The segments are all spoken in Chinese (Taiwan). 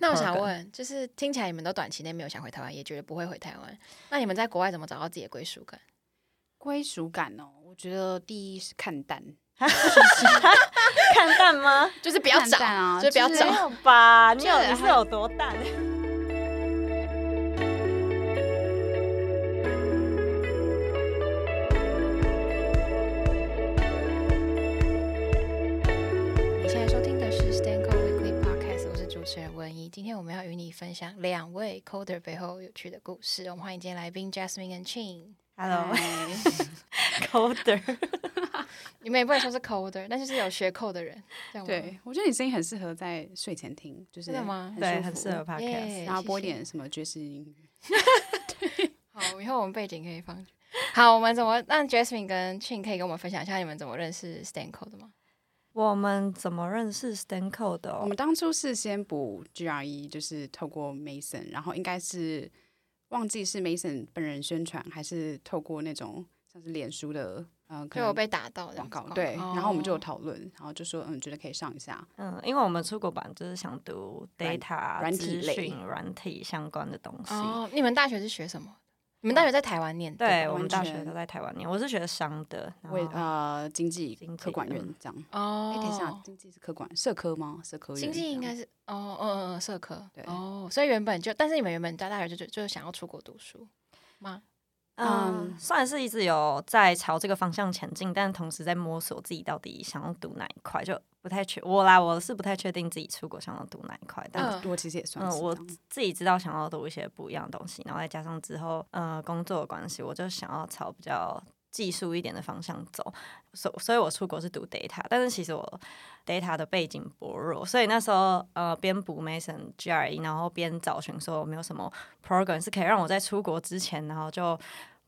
那我想問，就是聽起來你們都短期內沒有想回台灣，也覺得不會回台灣。那你們在國外怎麼找到自己的歸屬感？歸屬感哦，我覺得第一是看淡， 看淡嗎？就是不要長啊。哦、就是不要漲吧？你有你是有多淡？今天我們要與你分享兩位 coder 背後有趣的故事。我們歡迎今天來賓 Jasmine 和 Ching。Hello，coder，你們也不能說是 coder，但就是有學 code 的人。對，我覺得你聲音很適合在睡前聽，就是對嗎？對，很適合 podcast，Yeah, 然後播點什麼爵士音樂。 對好，以後我們背景可以放。好，我們怎麼讓 Jasmine 跟 Ching 可以跟我們分享一下你們怎麼認識 stanCode 的嗎？我們怎麼認識 stanCode 的哦？我們當初是先補 GRE，就是透過 Mason，然後應該是忘記是 Mason 本人宣傳，還是透過那種像是臉書的，嗯、呃，可能我被打到廣告，對，然後我們就有討論，然後就說嗯，覺得可以上一下，嗯，因為我們出國版就是想讀 data、資訊、軟體相關的東西。哦，oh, 你們大學是學什麼？你們大學在台灣唸，嗯、對吧我們大學都在台灣唸。全我是學商的，為呃，經濟科管院這樣哦。欸、等一下經濟是科管、社科？嗎？社科院經濟應該是哦哦哦，社科對哦。所以原本就，但是你們原本在大、大學就就想要出國讀書嗎？嗯，算是一直有在朝這個方向前進，但同時在摸索自己到底想要讀哪一塊，就不太確，我啦，我是不太確定自己出國想要讀哪一塊，但、啊嗯、我其實也算我自己知道想要讀一些不一樣的東西，然後再加上之後呃、嗯、工作的關係，我就想要朝比較技術一點的方向走，所所以，我出國是讀 data，但是其實我 data 的背景薄弱，所以那時候呃，邊補 Mason GRE，然後邊找尋說有沒有什麼 program 是可以讓我在出國之前，然後就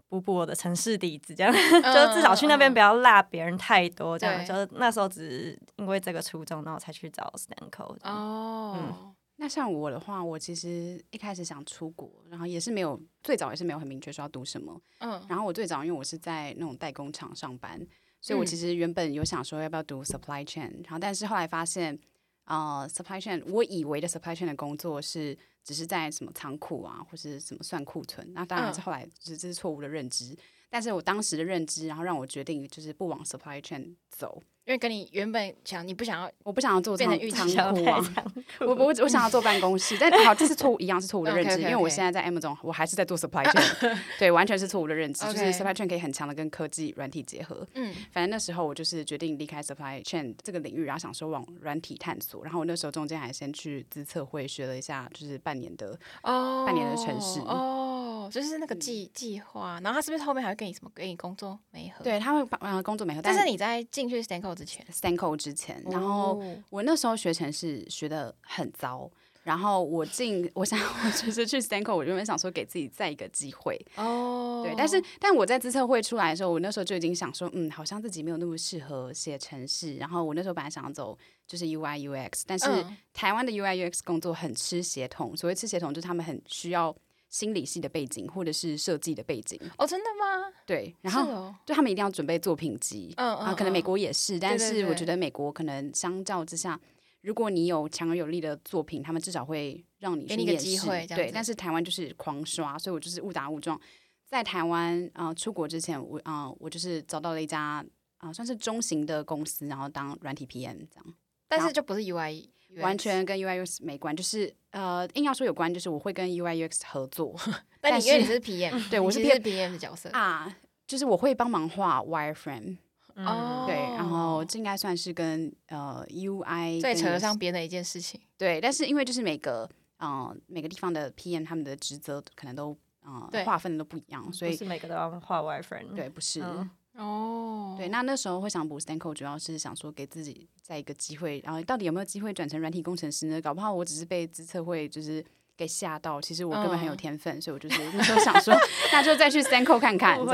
補補我的程式底子，這樣、嗯、 就至少去那邊不要落別人太多，嗯嗯、這樣就是那時候只因為這個初衷，然後才去找 stanCode、哦、嗯。那像我的話，我其實一開始想出國，然後也是沒有最早也是沒有很明確說要讀什麼。嗯，uh. 然後我最早因為我是在那種代工廠上班，嗯，所以我其實原本有想說要不要讀 supply chain，然後但是後來發現，呃，supply chain，我以為的 supply chain 的工作是只是在什麼倉庫啊，或是什麼算庫存。那當然是後來就是這是錯誤的認知，uh. 但是我當時的認知，然後讓我決定就是不往 supply chain 走。因為跟你原本想你不想要，我不想要做變成浴場國王。我我我想要做辦公室，但好這是錯誤一樣是錯誤的認知，因為我現在在 Amazon，我還是在做 Supply Chain，對，完全是錯誤的認知，就是 Supply Chain 可以很強的跟科技軟體結合。嗯，反正那時候我就是決定離開 Supply Chain 這個領域，然後想說往軟體探索，然後我那時候中間還先去資策會學了一下，就是半年的哦，半年的程式哦，就是那個計計劃，然後他是不是後面還會跟你什麼跟你工作媒合？對，他會把嗯工作媒合，但是你在進去 stanCode。之前 stanCode 之前，之前哦、然後我那時候學程式學得很糟，然後我進，我想我就是去 stanCode 我原本想說給自己再一個機會，哦，對，但是但我在資策會出來的時候，我那時候就已經想說，嗯，好像自己沒有那麼適合寫程式，然後我那時候本來想要走就是 UI UX，但是、嗯、台灣的 UI UX 工作很吃協同，所謂吃協同就是他們很需要。心理系的背景，或者是設計的背景。哦，真的嗎？對，然後、哦、就他們一定要準備作品集。嗯，嗯啊，可能美國也是，嗯嗯、但是我覺得美國可能相較之下，對對對，如果你有強而有力的作品，他們至少會讓你去給你一個機會。對，但是台灣就是狂刷，所以我就是誤打誤撞，在台灣啊、呃、出國之前，我、呃、啊我就是找到了一家啊、呃、算是中型的公司，然後當軟體 PM 這樣，但是就不是 UI。UX 完全跟 UI UX 沒關，就是呃，硬要說有關，就是我會跟 UI UX 合作。 但，是但你因為你是 PM， 對，我是 PM 的角色啊，就是我會幫忙畫 wireframe、嗯。哦，對，然後這應該算是跟呃 UI 最扯得上邊的一件事情。對，但是因為就是每個嗯、呃、每個地方的 PM 他們的職責可能都嗯劃、呃、對分的都不一樣，所以是每個都要畫 wireframe。對，不是。Oh. 哦，oh. 對，那那時候會想補 stanCode 主要是想說給自己再一個機會，然後到底有沒有機會轉成軟體工程師呢？搞不好我只是被資策會就是給嚇到，其實我根本很有天分，oh. 所以我就是那時候想說， 那就再去 stanCode 看看，找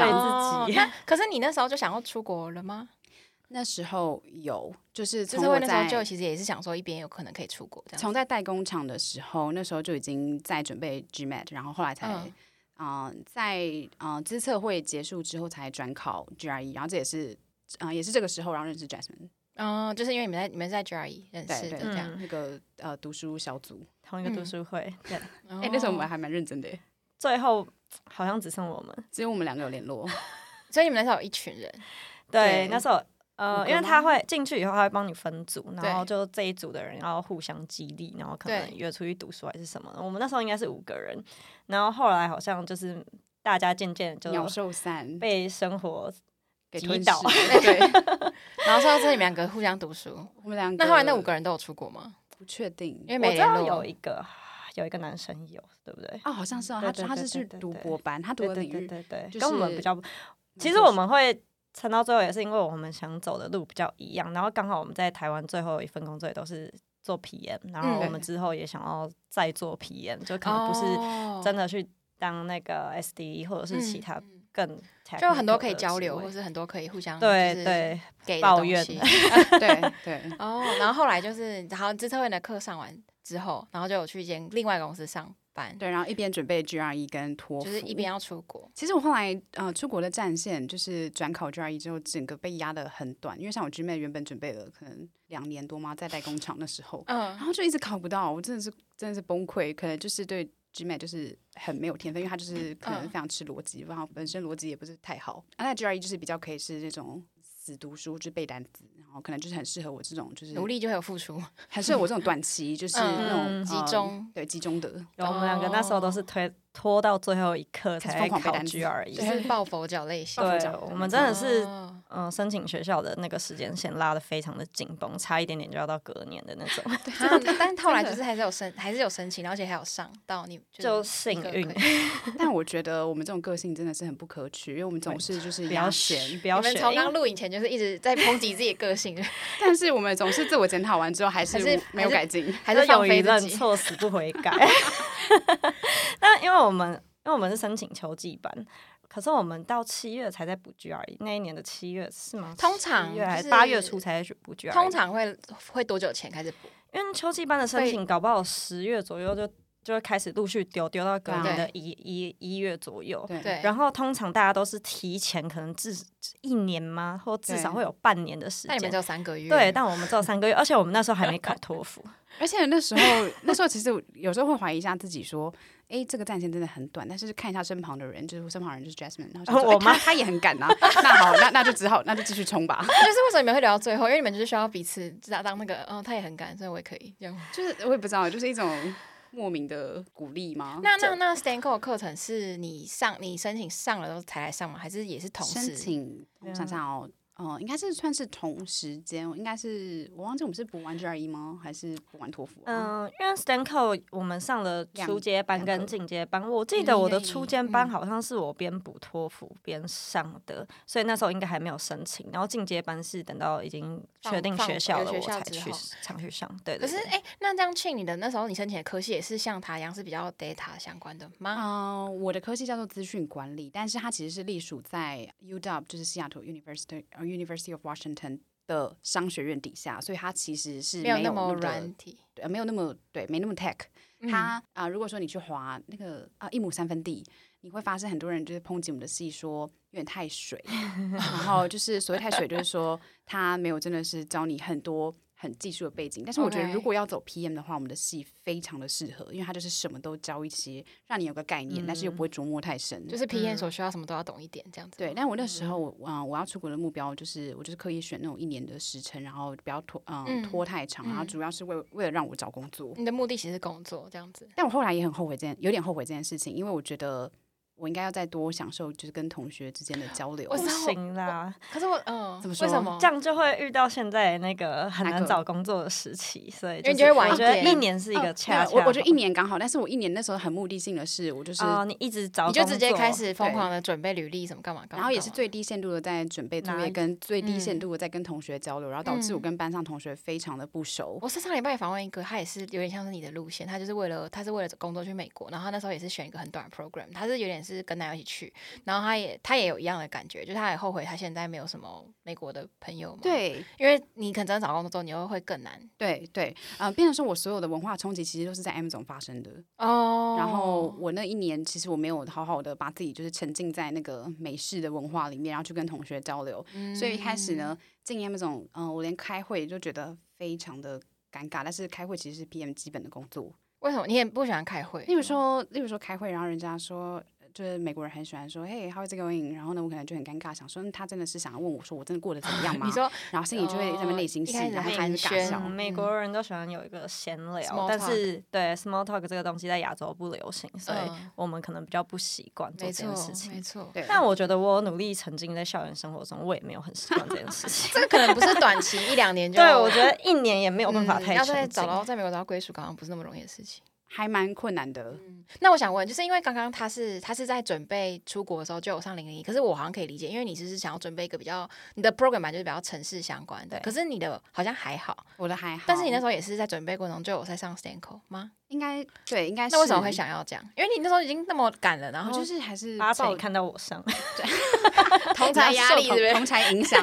自己 那。可是你那時候就想要出國了嗎？那時候有，就是資策會那時候就其實也是想說，一邊有可能可以出國，從在代工廠的時候，那時候就已經在準備 GMAT，然後後來才。Oh. 啊、呃，在啊，資、呃、策會結束之後才轉考 GRE，然後這也是啊、呃，也是這個時候然後認識 Jasmine。嗯，就是因為你們在你們是在 GRE 認識的這樣，那、嗯，這個呃讀書小組，同一個讀書會。嗯、對，誒、欸，那時候我們還蠻認真的耶，最後好像只剩我們，嗯、只有我們兩個有聯絡，所以你們那時候有一群人？對，對那時候。呃，因為他會進去以後，他會幫你分組，然後就這一組的人要互相激勵，然後可能約出去讀書還是什麼的。我們那時候應該是五個人，然後後來好像就是大家漸漸就鳥獸散，被生活給擊倒。對，然後剩這裡面兩個互相讀書，我們兩個。那後來那五個人都有出國嗎？不確定，因為每周有一個有一個男生有，對不對？哦，好像是哦，他是去讀博班，他讀的對對對，跟我們比較。其實我們會。撐到最後也是因為我們想走的路比較一樣，然後剛好我們在台灣最後一份工作也都是做 PM，然後我們之後也想要再做 PM，、嗯、就可能不是真的去當那個 SDE 或者是其他更、嗯、就很多可以交流，或是很多可以互相對對給抱怨，對對哦， oh, 然後後來就是然後知車會的課上完之後，然後就有去一間另外公司上。對，然後一邊準備 GRE 跟托福，就是一邊要出國。其實我後來呃，出國的戰線就是轉考 GRE 之後，整個被壓得很短，因為像我 GMAT 原本準備了可能兩年多嘛，在代工廠的時候，嗯， 然後就一直考不到，我真的是真的是崩潰，可能就是對 GMAT 就是很沒有天分，因為她就是可能非常吃邏輯，然後本身邏輯也不是太好，那、啊、GRE 就是比較可以是這種。只讀書就是、背單詞，然後可能就是很適合我這種，就是努力就會有付出，很適合我這種短期，嗯、就是那種、嗯、集中，嗯、對集中的。然後我們兩個那時候都是推拖到最後一刻才瘋狂背單詞而已，就是抱佛腳類型。類型對，我們真的是。哦嗯、呃，申請學校的那個時間線拉得非常的緊繃，差一點點就要到隔年的那種。嗯、 的但是後來就是還是有申，還是有申請，而且還有上到你，就，是、就幸運。 但我覺得我們這種個性真的是很不可取，因為我們總是就是比較閒，比較閒。從剛錄影前就是一直在抨擊自己的個性， 但是我們總是自我檢討完之後還是，還是沒有改進，還是放飛自己，認錯死不悔改。那 因為我們，因為我們是申請秋季班。可是我們到七月才在補劇而已，那一年的七月是嗎？通常八月初才去補劇。通常會會多久前開始補？因為秋季班的申請，搞不好十月左右就對就會開始陸續丟，丟到隔年的一對，一、一月左右。對。然後通常大家都是提前，可能至一年嗎？或至少會有半年的時間，叫三個月。對，但我們只有三個月， 而且我們那時候還沒考托福。 而且那時候，那時候其實有時候會懷疑一下自己說。哎、欸，這個戰線真的很短，但是看一下身旁的人，就是身旁的人就是 Jasmine，然後、欸、我媽嗎她，她也很敢吶、啊。 那好，那那就只好那就繼續衝吧。就是為什麼你們會聊到最後？因為你們就是需要彼此，知道當那個，嗯、哦，她也很敢，所以我也可以這樣。就是我也不知道，就是一種莫名的鼓勵嗎？ 那那那 stanCode 的課程是你上你申請上了都才來上嗎？還是也是同時？我想想哦。Yeah. 哦、呃，應該是算是同時間，應該是我忘記我們是補完 GRE 嗎，還是補完托福、啊？嗯、呃，因為 stanCode 我們上了初階班跟進階班，位我記得我的初階班好像是我邊補托福邊上的，嗯嗯、所以那時候應該還沒有申請，然後進階班是等到已經確定學校了我才去，才去上。對，對，對，可是哎、欸，那張慶你的那時候你申請的科系也是像他一樣是比較 data 相關的嗎？嗯，我的科系叫做資訊管理，但是它其實是隸屬在 UW，就是西雅圖 University University of Washington 的商學院底下，所以他其實是沒有那麼軟體，對、呃，沒有那麼對，沒那麼 tech。他啊、嗯呃，如果說你去滑那個啊、呃、一畝三分地，你會發現很多人就是抨擊我們的系，說有點太水。 然後就是所謂太水，就是說他沒有真的是教你很多。很技術的背景，但是我覺得如果要走 PM 的話，Okay. 我們的系非常的適合，因為它就是什麼都教一些，讓你有個概念，嗯、但是又不會琢磨太深。就是 PM 所需要什麼都要懂一點這樣子。對，但我那時候我、嗯呃、我要出國的目標就是我就是刻意選那種一年的時程，然後不要拖嗯、呃、拖太長，然後主要是為、嗯、為了讓我找工作。你的目的其實是工作這樣子。但我後來也很後悔這件有點後悔這件事情，因為我覺得。我應該要再多享受，就是跟同學之間的交流。不行啦！可是我嗯，呃、怎麼說？為什麼這樣就會遇到現在那個很難找工作的時期？哪個？所以你覺得晚一點。嗯、Okay. 一年是一個恰巧、哦，我我覺得一年剛好。但是我一年那時候很目的性的是，我就是、呃、你一直找工作你就直接開始瘋狂的準備履歷什麼幹嘛，嘛，嘛？幹嘛。然後也是最低限度的在準備作業，跟最低限度的在跟同學交流，嗯、然後導致我跟班上同學非常的不熟。嗯、我是上禮拜訪問一個，他也是有點像是你的路線，他就是為了他是為了工作去美國，然後那時候也是選一個很短的 program，他是有點。是跟他一起去，然後他也他也有一樣的感覺，就是他也後悔他現在沒有什麼美國的朋友嘛。對，因為你可能找工作你又會更難。對對，嗯、呃，變成是我所有的文化衝擊，其實都是在 Amazon 發生的哦。然後我那一年，其實我沒有好好的把自己就是沉浸在那個美式的文化裡面，然後去跟同學交流。嗯、所以一開始呢，進 Amazon，嗯，我連開會都覺得非常的尷尬。但是開會其實是 PM 基本的工作。為什麼你也不喜歡開會？例如說，例如說開會，然後人家說。就是美國人很喜歡說，嘿、hey，How's it going？然後呢，我可能就很尷尬，想說，他真的是想要問我說，我真的過得怎麼樣嘛、嗯、你說，然後心裡就會他們內心戲，嗯、然後開始尬笑。美國人都喜歡有一個閒聊，嗯、但是、嗯、對 small talk 這個東西在亞洲不流行，所以我們可能比較不習慣這件事情。沒錯，沒錯對但我覺得我努力沉浸在校園生活中，我也沒有很習慣這件事情。 這個可能不是短期 一兩年就。對，我覺得一年也沒有辦法太沉浸、嗯。要在找到在美國找到歸屬感，剛剛不是那麼容易的事情。還蠻困難的、嗯。那我想問，就是因為剛剛他是他是在準備出國的時候就有上零零一，可是我好像可以理解，因為你其實是想要準備一個比較你的 program 就是比較程式相關的。對可是你的好像還好，我的還好。但是你那時候也是在準備過程中就有在上 stanCode 嗎？應該對，應該是。那為什麼會想要這樣？因為你那時候已經那麼趕了，然後就是還是。阿到看到我上。對。同才壓力對，同才影響，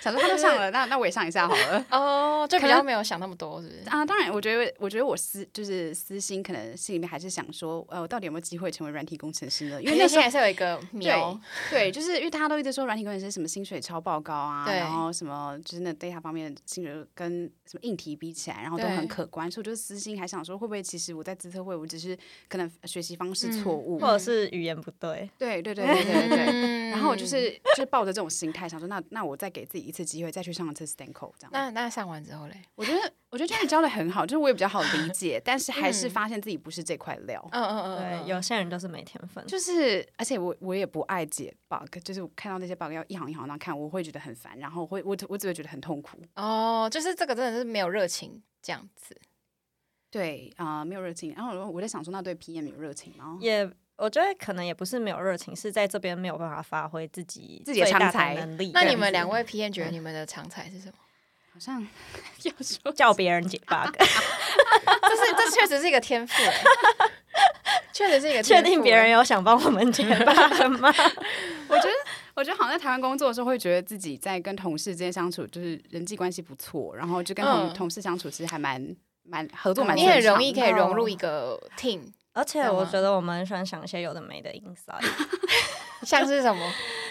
想說他都上了，那那我也上一下好了。哦，就可能沒有想那麼多，是不是？啊，當然，我覺得，我覺得我私就是私心，可能心裡面還是想說，呃，我到底有沒有機會成為軟體工程師呢？因為內心還是有一個。有。對，就是因為他都一直說軟體工程師什麼薪水超爆高啊，然後什麼就是那 data 方面的薪水跟什麼硬體比起來，然後都很可觀，所以就是私心還想說，會不會其實。其實我在自測會，我只是可能學習方式錯誤、嗯，或者是語言不對。對對對對對對。 然後我就是就是、抱着這種心態，想說那那我再給自己一次機會，再去上一次 stanCode 這樣。那那上完之後嘞，我覺得 我覺得教練教的很好，就是我也比較好理解，嗯、但是還是發現自己不是這塊料。嗯嗯嗯。對，有些人都是沒天分。就是，而且我我也不愛解 bug，就是我看到那些 bug 要一行一行那樣看，我會覺得很煩，然後會我我只會覺得很痛苦。哦，就是這個真的是沒有熱情這樣子。對啊、呃，沒有熱情。然後我我在想說，那對 PM 有熱情然嗎？也，我覺得可能也不是沒有熱情，是在這邊沒有辦法發揮自己大自己的長才能力。對。對那你們兩位 PM 覺得你們的長才是什麼？好像要說叫別人解 bug，這是這確實是一個天賦，確實是一個天賦。確定別人有想幫我們解 bug 嗎？ 我覺得，我覺得好像在台灣工作的時候，會覺得自己在跟同事之間相處，就是人際關係不錯，然後就跟同同事相處其實還蠻、嗯。蠻合作蠻，你很容易可以融入一個 team，而且我覺得我們很喜歡想一些有的沒的 inside， 像是什麼？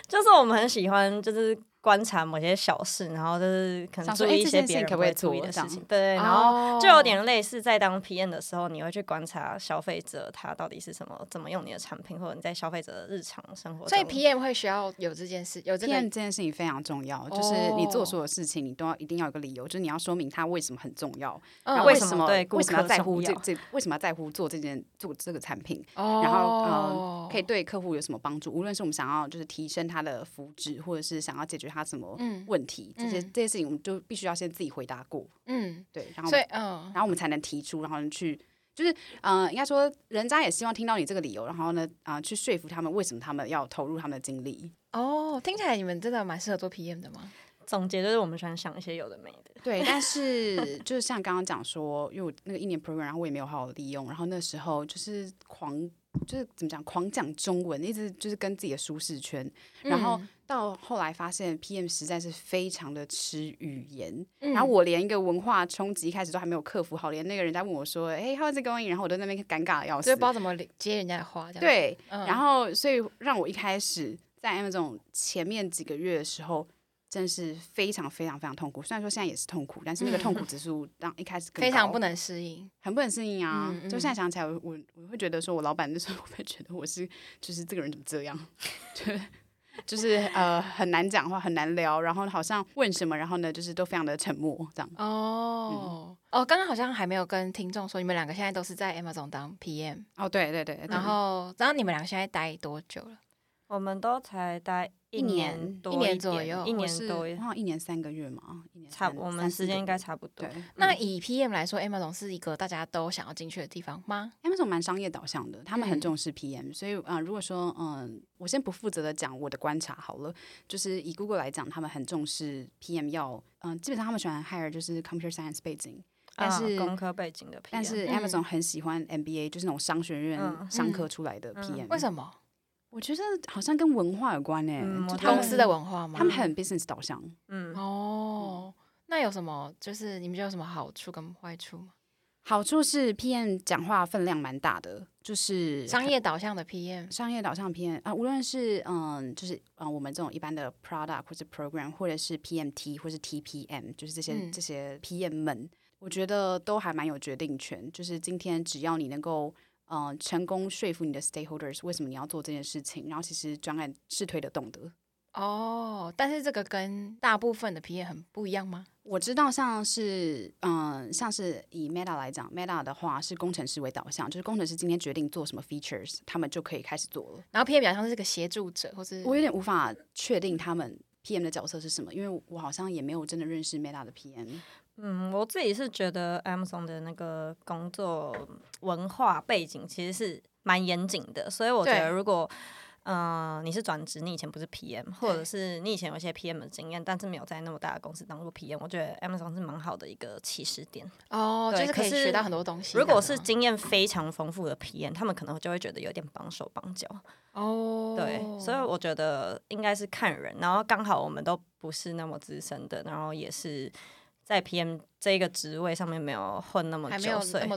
就是我們很喜歡就是。觀察某些小事，然後就是可能做一些別人可以注意的事情。對，然後就有點類似在當 PM 的時候，你會去觀察消費者他到底是什麼，怎麼用你的產品，或者你在消費者的日常生活。所以 PM 會需要有這件事，有、這個、PM 這件事情非常重要，就是你做所有事情，你都要一定要有個理由，就是你要說明它為什麼很重要，為什麼、嗯、為什麼對顧客重要，為什麼要在乎這這，為什麼要在乎做這件做這個產品，然後呃、嗯、可以對客戶有什麼幫助？無論是我們想要就是提升他的福祉，或者是想要解決他。他什麼問題？嗯嗯、這些這些事情，我們就必須要先自己回答過。嗯，對，然後，對，所以，哦、然後我們才能提出，然後去，就是，嗯、呃，應該說，人家也希望聽到你這個理由，然後呢，啊、呃，去說服他們為什麼他們要投入他們的精力。哦，聽起來你們真的蠻適合做 PM 的嗎？總結就是我們喜歡想一些有的沒的。對，但是 就是像剛剛講說，因為我那個一年 program，然後我也沒有好好利用，然後那時候就是狂，就是怎麼講，狂講中文，一直就是跟自己的舒適圈，嗯、然後。到後來發現，PM 實在是非常的吃語言，嗯、然後我連一個文化衝擊一開始都還沒有克服好，連那個人家問我說：“哎、hey,，is going’，然後我都在那邊尷尬的要死，就不知道怎麼接人家的話。對，然後所以讓我一開始在 M 總前面幾個月的時候，真是非常非常非常痛苦。雖然說現在也是痛苦，但是那個痛苦指數讓一開始、嗯、非常不能適應，很不能適應啊。嗯嗯、就現在想起來我，我我會覺得說，我老板那時候，我會覺得我是就是這個人怎麼這樣，對。 就是呃很難講話，很難聊，然後好像問什麼，然後呢就是都非常的沉默這樣。哦哦，剛剛、嗯哦、好像還沒有跟聽眾說，你們兩個現在都是在 Amazon 當 PM 哦，對對對。嗯、然後，然後你們兩個現在待多久了？我們都才待。一年一年左右，一年是好像一年三個月嘛，一年差不多，我們時間應該差不多。那以 PM 來說，Amazon 是一個大家都想要進去的地方嗎？Amazon 蠻商業導向的，他們很重視 PM，所以啊，如果說嗯，我先不負責的講我的觀察好了，就是以 Google 來講，他們很重視 PM，要嗯，基本上他們喜歡 hire 就是 Computer Science 背景，但是工科背景的 PM，但是 Amazon 很喜歡 MBA，就是那種商學院商科出來的 PM，為什麼？我覺得好像跟文化有關誒、欸，嗯、公司的文化嗎？他們很 business 導向。嗯，哦，那有什麼？就是你們覺得有什麼好處跟壞處嗎？好處是 PM 講話分量蠻大的，就是商業導向的 PM，商業導向的 PM 啊，無論是嗯，就是嗯，我們這種一般的 product 或者 program，或者是 PMT 或是 TPM，就是這些、嗯、這些 PM 們，我覺得都還蠻有決定權。就是今天只要你能夠。嗯、呃，成功說服你的 stakeholders 為什麼你要做這件事情，然後其實專案是推得動的。哦，oh, 但是這個跟大部分的 PM 很不一樣嗎？我知道像是，嗯、呃，像是以 Meta 來講，Meta 的話是工程師為導向，就是工程師今天決定做什麼 features，他們就可以開始做了。然後 PM 比較像是一個協助者，或是我有點無法確定他們 PM 的角色是什麼，因為我好像也沒有真的認識 Meta 的 PM。嗯，我自己是覺得 Amazon 的那個工作文化背景其實是蠻嚴謹的，所以我覺得如果，嗯對、呃，你是轉職，你以前不是 PM，或者是你以前有一些 PM 的經驗，但是沒有在那麼大的公司當過 PM，我覺得 Amazon 是蠻好的一個起始點哦，oh, 對就是可以學到很多東西。如果是經驗非常豐富的 PM，他們可能就會覺得有點綁手綁腳哦。Oh. 對，所以我覺得應該是看人，然後剛好我們都不是那麼資深的，然後也是。在 PM 這個職位上面沒有混那麼久，所以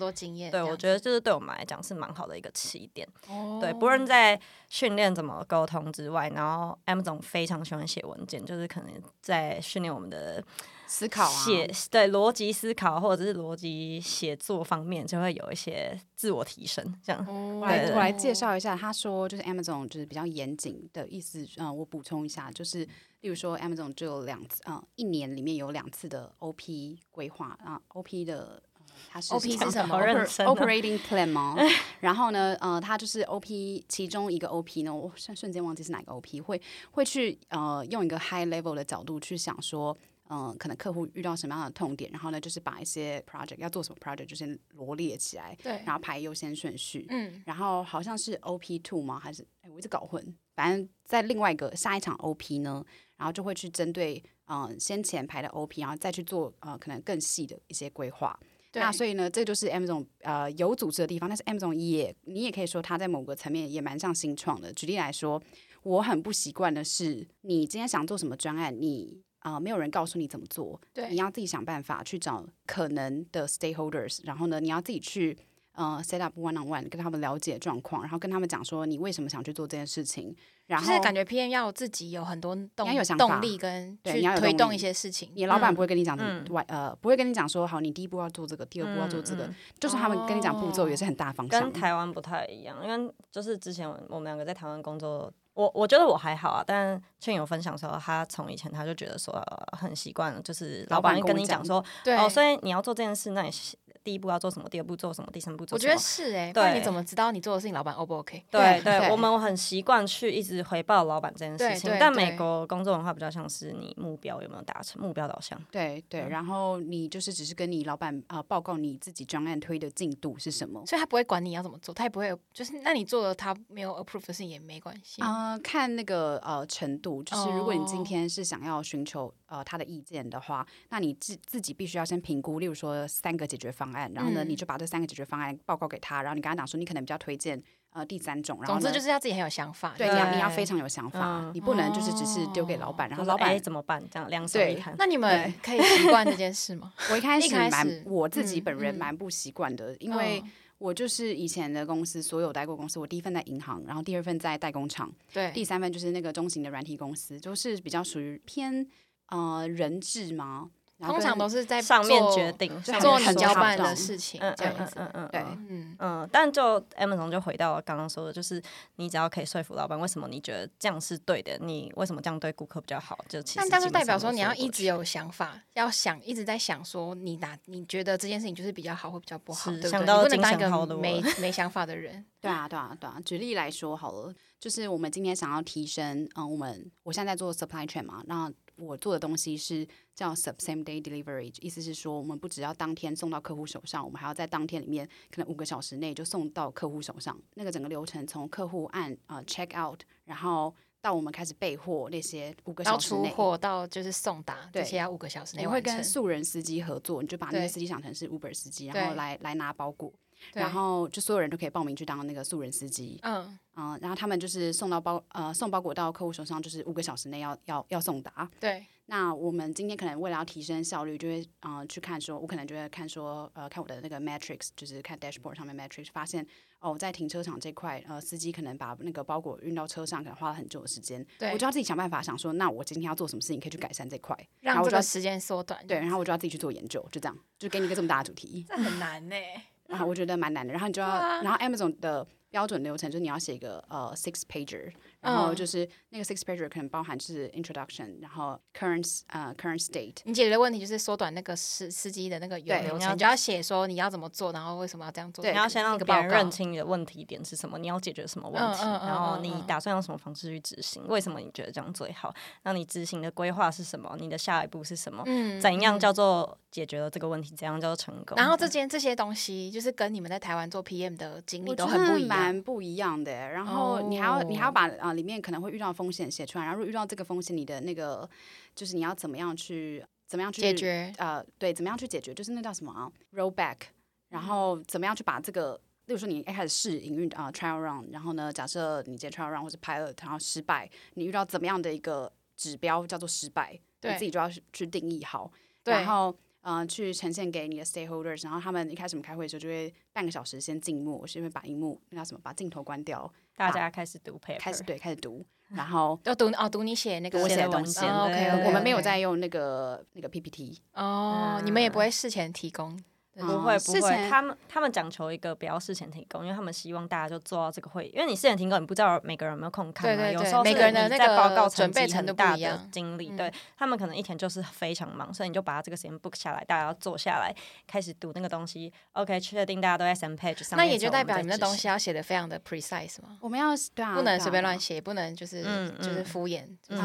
對，我覺得就是對我們來講是蠻好的一個起點。哦、對，不論在訓練怎麼溝通之外，然後 Amazon 非常喜歡寫文件，就是可能在訓練我們的寫思考、啊、寫，對，邏輯思考或者是邏輯寫作方面，就會有一些自我提升。這樣，哦、對我來我來介紹一下，他說就是 Amazon 就是比較嚴謹的意思。嗯、呃，我補充一下，就是。例如說，Amazon 就有兩次，呃，一年裡面有兩次的 OP 規劃，啊、呃、OP 的，呃、它是，OP 是什麼、啊？Operating Plan 嗎？ 然後呢，呃，它就是 OP 其中一個 OP 呢，我瞬瞬間忘記是哪個 OP，會會去，呃，用一個 High Level 的角度去想說，嗯、呃，可能客戶遇到什麼樣的痛點，然後呢，就是把一些 Project 要做什麼 Project 就先羅列起來，對，然後排優先順序，嗯，然後好像是 OP Two 嗎？還是，哎，我一直搞混，反正在另外一個下一場 OP 呢。然後就會去針對嗯、呃、先前排的 OP，然後再去做呃可能更細的一些規劃。對那所以呢，這就是 Amazon，呃有組織的地方，但是 Amazon，也你也可以說他在某個層面也蠻像新創的。舉例來說，我很不習慣的是，你今天想做什麼專案，你啊、呃、沒有人告訴你怎麼做，對，你要自己想辦法去找可能的 stakeholders，然後呢，你要自己去。呃，set up one on one，跟他們了解狀況，然後跟他們講說你為什麼想去做這件事情。然後是感覺 PM 要自己有很多動力，你要有想動力跟去推動一些事情。你、嗯、你老闆不會跟你講外、嗯、呃，不會跟你講說好，你第一步要做這個，第二步要做這個，嗯、就是他們跟你講、哦、步驟也是很大方向。跟台灣不太一樣，因為就是之前我們兩個在台灣工作，我我覺得我還好啊，但 Ching 有分享說，她從以前她就覺得說很習慣，就是老闆會跟你講說，哦，所以你要做這件事那，那也是。第一步要做什麼？第二步做什麼？第三步做什麼？我覺得是誒、欸。對，不然你怎麼知道你做的事情老板 O 不 O K？對對，對對，我們很習慣去一直回報老板這件事情。但美國工作文化比較像是你目標有沒有達成，目標導向。對對，然後你就是只是跟你老板啊、呃、報告你自己專案推的進度是什麼，所以他不會管你要怎麼做，他也不會就是，那你做了他沒有 approved 的事情也沒關係嗯、呃，看那個呃程度，就是如果你今天是想要尋求。Oh. 呃，他的意見的話，那你自自己必須要先評估。例如說三個解決方案，然後呢，你就把這三個解決方案報告給他，然後你跟他講說，你可能比較推薦呃第三種。然後，總之就是要自己很有想法，對，你要你要非常有想法，你不能就是只是丟給老闆，然後老闆怎麼辦？這樣兩手一攤。那你們可以習慣這件事嗎？我一開始蠻我自己本人蠻不習慣的，因為我就是以前的公司，所有待過公司，我第一份在銀行，然後第二份在代工廠，對，第三份就是那個中型的軟體公司，就是比較屬於偏。呃，人質嘛，通常都是在上面決定，上面決定就做你交辦的事情，這樣子，嗯嗯嗯，嗯嗯嗯對，嗯嗯，但就 Amazon 就回到剛剛說的，就是你只要可以說服老闆，為什麼你覺得這樣是對的？你為什麼這樣對顧客比較好？就其實，但這樣代表說你要一直有想法，要想一直在想說你哪你覺得這件事情就是比較好，或比較不好，對不對？想到不能當一個沒多多沒想法的人。嗯、對啊，對啊，對啊。舉例來說好了，就是我們今天想要提升，嗯、呃，我們我現在在做 supply chain 嘛，然後。我做的東西是叫 same day delivery，意思是說我們不只要當天送到客戶手上，我們還要在當天裡面可能五個小時內就送到客戶手上。那個整個流程從客戶按啊、呃、check out，然後到我們開始備貨那些五個小時內，到出貨到就是送達，對，其他五個小時內。你會跟素人司機合作，你就把那個司機想成是 Uber 司機，對然後來來拿包裹。對然後就所有人都可以報名去當那個素人司機。嗯、呃、然後他們就是送到包呃送包裹到客戶手上，就是五個小時內要要要送達。對。那我們今天可能為了要提升效率，就會嗯、呃、去看說，我可能就會看說呃看我的那個 metrics，就是看 dashboard 上面 metrics，發現哦在停車場這塊呃司機可能把那個包裹運到車上可能花了很久的時間。對。我就要自己想辦法想說，那我今天要做什麼事情可以去改善這塊，讓這個時間縮短。對，然後我就要自己去做研究，就這樣，就給你一個這麼大的主題， 這很難呢、欸。啊，我覺得蠻難的。然後你就要，啊、然後 Amazon 的標準流程就是你要寫一個呃、uh, six pager。然後就是那個 six pager 可能包含是 introduction，然後 current、uh, current state。你解決的問題就是縮短那個司司機的那個原流程，你要,就要寫說你要怎麼做，然後為什麼要這樣做你個對？你要先讓別人認清你的問題點是什麼，你要解決什麼問題，嗯嗯嗯、然後你打算用什麼方式去執行？嗯嗯、為什麼你覺得這樣最好？那你執行的規劃是什麼？你的下一步是什麼？嗯、怎樣叫做解決了這個問題？嗯、怎樣叫做成功？嗯、然後這件這些東西就是跟你們在台灣做 PM 的經歷都很不一樣，蠻不一樣的。然後你還要你還要把。裡面可能會遇到風險，寫出來，然後如果遇到這個風險，你的那個就是你要怎麼樣去怎麼樣去解決？啊、呃？對，怎麼樣去解決？就是那叫什麼啊？roll back、嗯。然後怎麼樣去把這個？例如說你一開始試營運啊、呃、trial run 然後呢，假設你接 trial run 或者 pilot，然後失敗，你遇到怎麼樣的一個指標叫做失敗？對你自己就要去定義好。然後。嗯、呃，去呈現給你的 stakeholders。然後他們一開始我們開會的時候，就會半個小時先靜默，是因為把熒幕那什麼，把鏡頭關掉，大家開始讀、啊，開始對，開始讀，然後要、哦、讀哦，讀你寫那個我寫的東西。哦、OK，對我們沒有在用那個、okay、那個 PPT 哦，oh, 嗯、你們也不會事前提供。不會不會，他們他們講求一個不要事前提供，因為他們希望大家就做到這個會。因為你事前提供，你不知道每個人有沒有空看嘛。有時候每個人在報告準備程度大的精力，對，他們可能一天就是非常忙，所以你就把這個時間 book 下來，大家要坐下來開始讀那個東西。OK，確定大家都在 same page 上。那也就代表你的東西要寫的非常的 precise 嗎？我們要，對啊，不能隨便亂寫，不能就是就是敷衍，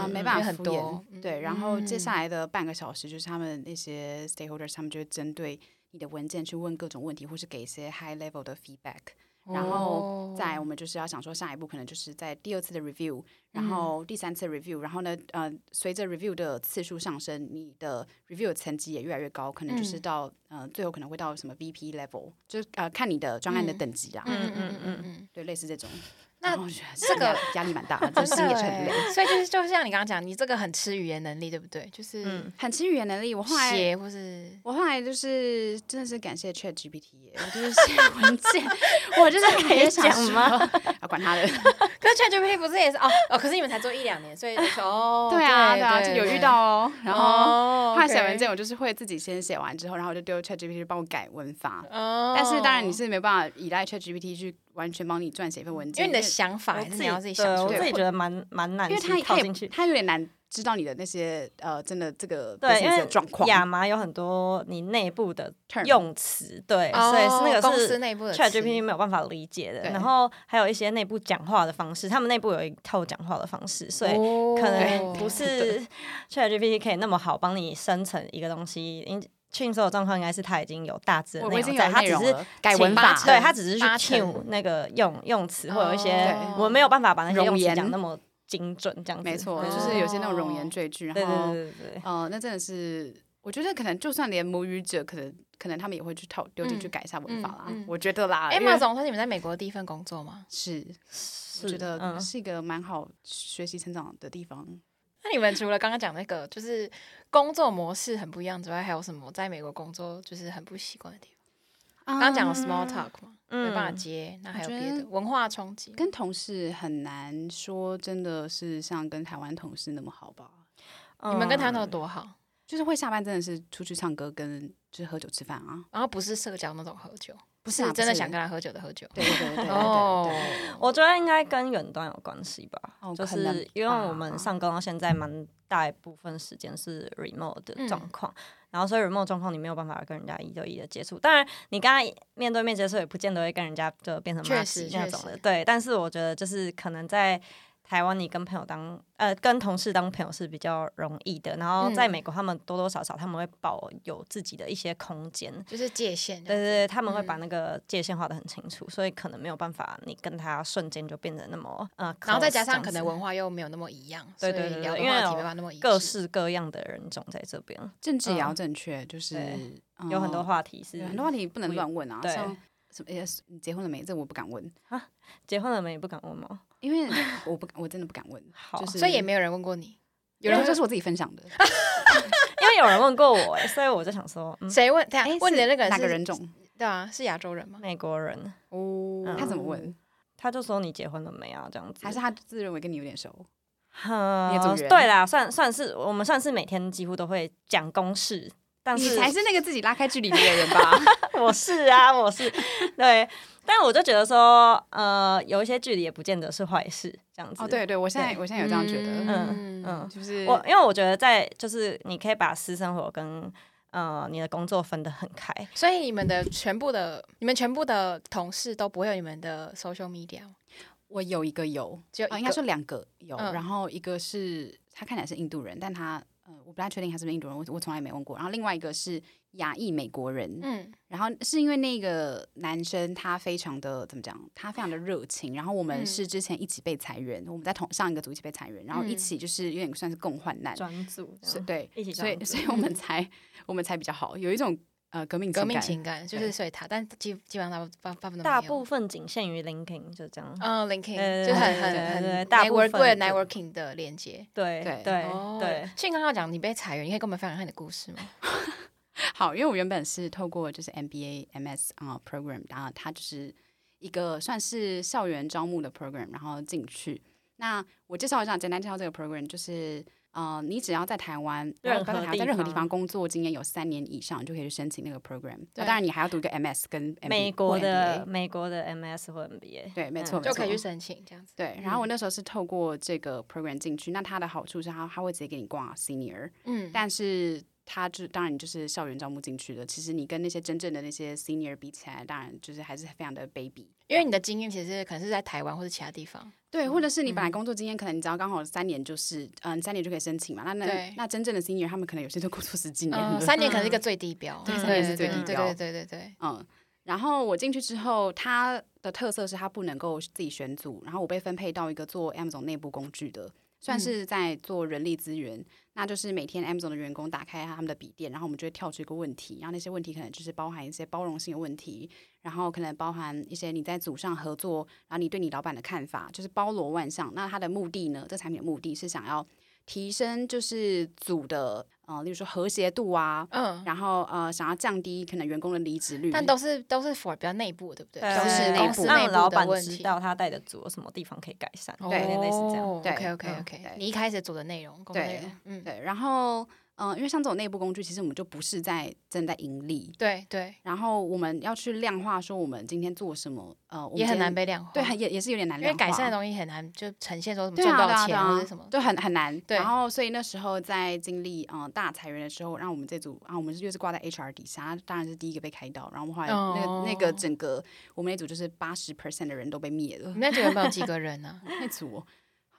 沒辦法很多。對，然後接下來的半個小時就是他們那些 stakeholders，他們就會針對。你的文件去問各種問題，或是給一些 high level 的 feedback，、哦、然後再我們就是要想說，下一步可能就是在第二次的 review，然後第三次 review，然後呢，呃，隨着 review 的次數上升，你的 review 的層級也越來越高，可能就是到、嗯、呃最後可能會到什麼 VP level，就是呃看你的專案的等級啦，嗯嗯嗯嗯嗯，嗯嗯嗯嗯對，類似這種。那這個壓 力蠻大，就心也特別累。 所以就是，就像你剛剛講，你這個很吃語言能力，對不對？就是、嗯、很吃語言能力。我後來，或是我後來就是 真的是感謝 ChatGPT，我就是寫文件，我就是可以講嗎？ 啊，管他的。 那 ChatGPT 不是也是哦哦？可是你們才做一兩年， 所以那時候，哦、對啊對啊，就有遇到哦。對對對，然後，寫、oh, okay. 文件我就是會自己先寫完之後，然後就丟 ChatGPT 去幫我改文法。哦。Oh. 但是當然你是沒辦法依賴 ChatGPT 去完全幫你撰寫一份文件，因為你的想法還是你要自己想出來。我自己覺得蠻蠻難，因為他太，他、欸、有點難。知道你的那些呃，真的這個對，因為亞麻有很多你內部的用詞，對，所以是那個是公司內部的詞，ChatGPT 沒有辦法理解的。然後還有一些內部講話的方式，他們內部有一套講話的方式，所以可能不是 ChatGPT 可以那麼好幫你生成一個東西。因欠所有狀況應該是它已經有大致的內容在，它只是改文法，對，它只是去 cue 那個用用詞或有一些我沒有辦法把那些用詞講那麼。精準這樣沒錯，嗯、就是有些那種冗言贅句。哦、然後，嗯、呃，那真的是，我覺得可能就算連母語者，可能可能他們也會去討丟進去改一下文法啦，嗯嗯嗯、我覺得啦。哎、欸，Amazon 說你們在美國第一份工作嗎？是，我覺得是一個蠻好學習成長的地方。嗯、那你們除了剛剛講那個，就是工作模式很不一樣之外，還有什麼在美國工作就是很不習慣的地方？嗯、剛剛講了 small talk。嗯、沒辦法接，那還有別的文化衝擊。跟同事很難說真的是像跟台灣同事那麼好吧？你們跟他那多好、嗯，就是會下班真的是出去唱歌跟就是喝酒吃飯啊。然後、啊、不是社交那種喝酒，不是真的想跟他喝酒的喝酒。喝酒喝酒對對對對對，我覺得應該跟遠端有關係吧，哦、就是因為我們上工到現在蠻大部分時間是 remote 的狀況。嗯然後所以 remote 狀況，你沒有辦法跟人家一對一的接觸，當然你剛剛面對面接觸也不見得會跟人家就變成麻吉實那種的，實對。但是我覺得就是可能在。台灣，你跟朋友當呃，跟同事當朋友是比較容易的。然後在美國，他們多多少少他們會保有自己的一些空間，嗯，就是界限。對對對，他們會把那個界限劃得很清楚，嗯，所以可能沒有辦法，你跟他瞬間就變得那麼呃。然後再加上可能文化又沒有那麼一樣，對對對，因為有各式各樣的人種在這邊，政治也要正確，嗯，就是對，哦，有很多話題是很多話題不能亂問啊，像。對什麼？你結婚了沒？這我不敢問啊！結婚了沒也不敢問嗎？因為我不敢，我真的不敢問。好，所以也沒有人問過你。有人說是我自己分享的，因為有人問過我，所以我就想說，誰問？哎，問你的那個人哪個人種？對啊，是亞洲人嗎？美國人。哦，他怎麼問？他就說你結婚了沒啊？這樣子。還是他自認為跟你有點熟？哈，對啦，算算是我們算是每天幾乎都會講公事。但是你才是那個自己拉開距離的人吧？ 我是啊，我是。對，但我就覺得說，呃，有一些距離也不見得是壞事，這樣子。哦，對對，我現在對我現在有這樣覺得，嗯嗯，嗯，就是我，因為我覺得在就是你可以把私生活跟呃你的工作分得很開。所以你們的全部的你們全部的同事都不會有你們的 social media？我有一個有，就、啊、應該說兩個有，嗯、然後一個是他看起來是印度人，但他。我不太確定他是不是印度人，我我從來沒問過。然後另外一個是亞裔美國人，嗯，然後是因為那個男生他非常的怎麼講，他非常的熱情。然後我們是之前一起被裁員，嗯、我們在同上一個組一起被裁員，然後一起就是有點算是共患難，嗯、對，一起、嗯，所以所以我們才我們才比較好，有一種。呃，革命革命情感，就是所以他，但基基本上大大部分大部分僅限於 LinkedIn 就這樣。嗯，LinkedIn 就很很很大部分。networking 的連接。對對對哦。Ching 剛剛講，你被裁員，你可以跟我們分享一下你的故事嗎？好，因為我原本是透過就是 MBA MS 啊 program，然後他就是一個算是校園招募的 program，然後進去。那我介紹一下，簡單介紹這個 program，就是。呃、你只要在台灣，任何然後可能在任何地方工作經驗有三年以上，就可以去申請那個 program。那對、啊、當然你還要讀一個 M.S 跟 M.B.A, 美國的或美國的 M.S 或 M.B.A。對，嗯、沒錯錯，就可以去申請這樣子。對，然後我那時候是透過這個 program 進去，嗯、那它的好處是它它會直接給你掛、啊、senior。嗯，但是。他就當然你就是校園招募進去的，其實你跟那些真正的那些 senior 比起來，當然就是還是非常的 baby。因為你的經驗其實是可能是在台灣或者其他地方，對，或者是你本來工作經驗、嗯、可能你只要剛好三年就是，嗯、呃，三年就可以申請嘛。那那對那真正的 senior 他們可能有些都工作十幾年，嗯嗯、三年可能是一個最低標，對，嗯、三年是最低標，對對對，對對對。嗯，然後我進去之後，他的特色是他不能夠自己選組，然後我被分配到一個做 Amazon 內部工具的。算是在做人力資源，嗯、那就是每天 Amazon 的員工打開他們的筆電，然後我們就會跳出一個問題，然後那些問題可能就是包含一些包容性的問題，然後可能包含一些你在組上合作，然後你對你老板的看法，就是包羅萬象。那他的目的呢？這產品的目的是想要。提升就是組的啊、呃，例如說和諧度啊，嗯，然後呃，想要降低可能員工的離職率，但都是都是 for 比較內部對不對？對都是內部讓老板知道他帶的組有對什麼地方可以改善，對類似這樣。對 OK OK OK，對你一開始組的內容，內容對，嗯對，然後。嗯、呃，因為像這種內部工具，其實我們就不是在正在盈利。對對。對然後我們要去量化說我們今天做什麼，呃，也很難被量化，對，也也是有點難量化，因為改善的東西很難就呈現說賺到錢啊，什麼，對、啊，很、啊啊啊啊、很難。對然後所以那時候在經歷嗯、呃、大裁員的時候，讓我們這組啊，我們又是掛在 HR 底下，當然是第一個被開刀。然後我們後來那個、哦、那個整個我們那組就是八十 percent 的人都被滅了。嗯、那組有沒有幾個人呢？、啊？ 那組。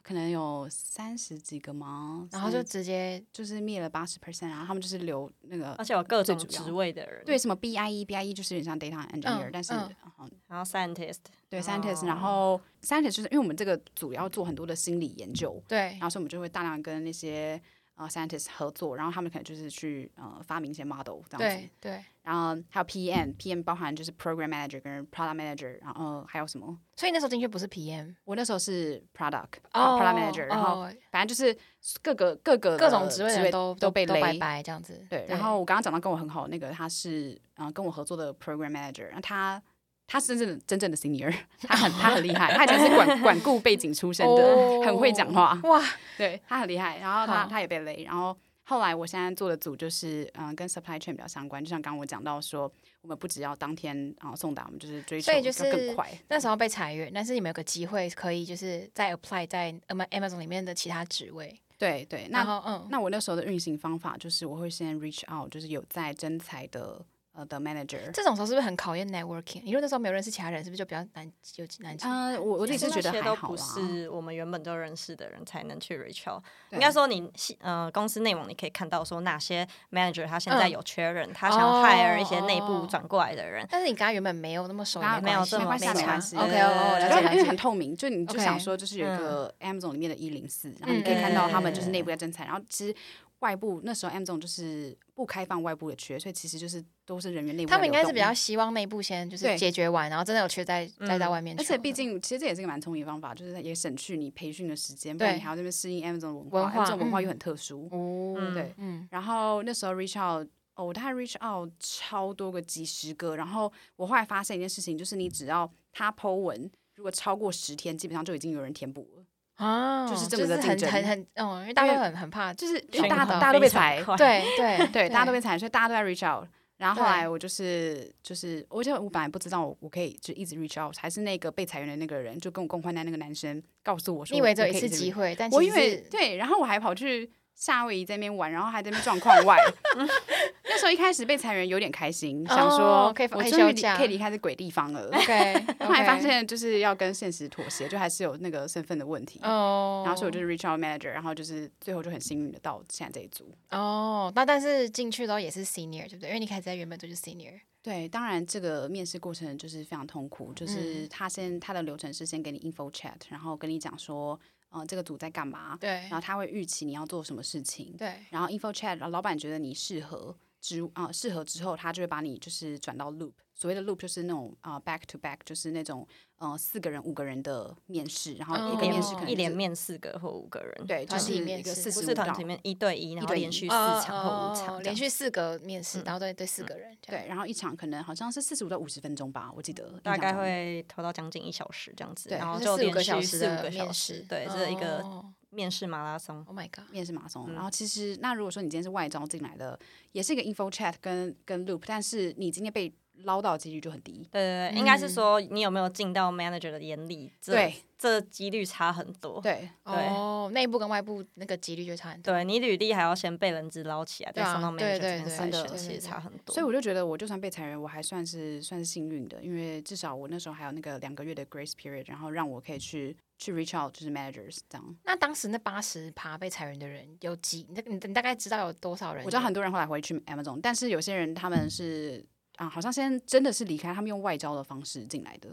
可能有三十幾個嗎？然後就直接就是滅了八十 percent，然後他們就是留那個，而且有各種職位的人，對，什麼 BIE、BIE 就是有點像 data engineer，、嗯、但是、嗯嗯、然後 scientist，對 scientist，然後 scientist，就是因為我們這個組要做很多的心理研究，對，然後所以我們就會大量跟那些。啊、uh,，scientists 合作，然後他們可能就是去呃發明一些 model 這樣子。對,對然後還有 PM，PM PM 包含就是 program manager 跟 product manager，然後、呃、還有什麼？所以那時候進去不是 PM，我那時候是 product，product、oh, 啊 product manager。然後反正就是各個、oh. 各個各種職位都都被勒都,都白白這樣子。對。對然後我剛剛講到跟我很好那個，他是嗯、呃、跟我合作的 program manager，那他。他是真的真正的 senior，他很、oh. 他很厲害，他以前是管 管顧背景出身的，oh. 很會講話哇。Wow. 對，他很厲害，然後他好他也被雷，然後後來我現在做的組就是嗯、呃，跟 supply chain 比較相關，就像剛，剛我講到說，我們不只要當天啊、呃、送達，我們就是追求要更快。就是、那時候被裁員，但是你們有個機會可以就是再 app 在 apply 在 Amazon 裡面的其他職位。對對，那嗯，那我那時候的運行方法就是我會先 reach out，就是有在徵才的。的 manager 這種時候是不是很考驗 networking？因為那時候沒有認識其他人，是不是就比較難，就難找？我我自己是覺得還好都不是我們原本就認識的人才能去 reach out。應該說你，呃，公司內網你可以看到說哪些 manager 他現在有確認他想派一些內部轉過來的人。但是你剛剛原本沒有那麼熟，沒有這麼沒差事。OK OK，因為很透明，就你就想說，就是有一個 M 總裡面的一零四，然後你可以看到他們就是內部在增產。然後其實外部那時候 M 總就是。不開放外部的缺，所以其實就是都是人員內部。他們應該是比較希望內部先就是解決完，對然後真的有缺再再到外面。而且畢竟其實這也是個蠻聰明的方法，就是也省去你培訓的時間，對不然你還要這邊適應 Amazon 文化，這種文，化文化又很特殊。哦、嗯，對嗯，嗯。然後那時候 reach out，哦，我大概 reach out 超多個幾十個，然後我後來發現一件事情，就是你只要他 Po 文，如果超過十天，基本上就已經有人填補了。啊，就是這麼的很很很，嗯，因為大家都很很怕，就是因為大家都被裁，對對對，大家都被裁，所以大家都在 reach out。然後後來我就是就是，我就，我本來不知道我可以就一直 reach out，還是那個被裁員的那個人就跟我共患難那個男生告訴我說，因為這一次機會，但我以為對，然後我還跑去夏威夷在那邊玩，然後還在那邊狀況外。那時候一開始被裁員有點開心，oh, 想說 okay, 我終於 I shall 可以離開這鬼地方了。 OK，okay. 後來發現就是要跟現實妥協，就還是有那個身份的問題。哦，oh. 然後所以我就是 reach out manager，然後就是最後就很幸運的到現在這一組。哦，oh, 那但是進去的話也是 senior，對不對？因為你開始在原本都就是 senior。對，當然這個面試過程就是非常痛苦，就是他先、嗯、他的流程是先給你 info chat，然後跟你講說，嗯、呃，這個組在幹嘛？對，然後他會預期你要做什麼事情？對，然後 info chat，老闆覺得你適合。啊，適、呃、合之後，他就會把你就是轉到 loop，所謂的 loop 就是那種啊、呃、back to back，就是那種呃四個人、五個人的面試，然後一個面試可能一連面四個或五個人，oh. 對，就是團體面試，不是團體面一對一，那連續四場或、oh. 五場，連續四個面試，然後對四個人，嗯、對，然後一場可能好像是四十五到五十分鐘吧，我記得、oh. 大概會拖到將近一小時這樣子，對然後就連續四五個小時，對，這、就是、一個。Oh. 面試馬拉松，Oh my God，面試馬拉松。然後其實，那如果說你今天是外招進來的，也是一個 info chat 跟跟 loop，但是你今天被。撈到幾率就很低，對對對，應該是說你有沒有進到 manager 的眼裡，對，這幾率差很多，對哦，內部跟外部那個幾率就差很多，對你履歷還要先被人資撈起來，再送到 manager 這邊篩選，其實差很多。所以我就覺得，我就算被裁員，我還算是算是幸運的，因為至少我那時候還有那個兩個月的 grace period，然後讓我可以去去 reach out 就是 managers 這樣。那當時那八十趴被裁員的人有幾？你大概知道有多少人？我知道很多人後來回去 Amazon，但是有些人他們是。啊、嗯，好像現在真的是離開他們用外交的方式進來的，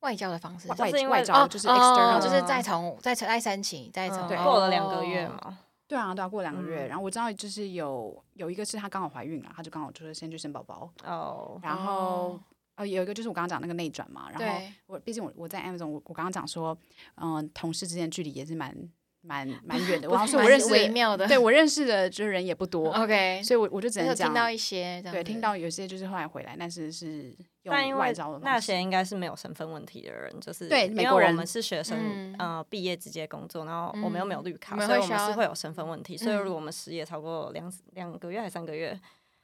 外交的方式，外外交就是，external，、哦哦、就是再從再再申請，再從，嗯、對，過了兩個月嘛、啊，對啊對啊，過兩個月，嗯、然後我知道就是有有一個是他剛好懷孕了、啊，他就剛好就是先去生寶寶哦，然後、嗯、呃有一個就是我剛剛講那個內轉嘛，然後我畢竟我在我在 Amazon 我我剛剛講說，嗯，同事之間距離也是蠻。蠻蠻遠的， 是我然後我認識的對，對，我認識的就是人也不多 ，OK，所以，我我就只能聽到一些，對，聽到有些就是後來回來，但是是有外招的方式，但因為那些應該是沒有身份問題的人，就是對，因為我們是學生，呃，畢業直接工作，然後我們又沒有綠卡，嗯、所以我們是會有身份問題，嗯、所以如果我們失業超過兩兩個月還三個月。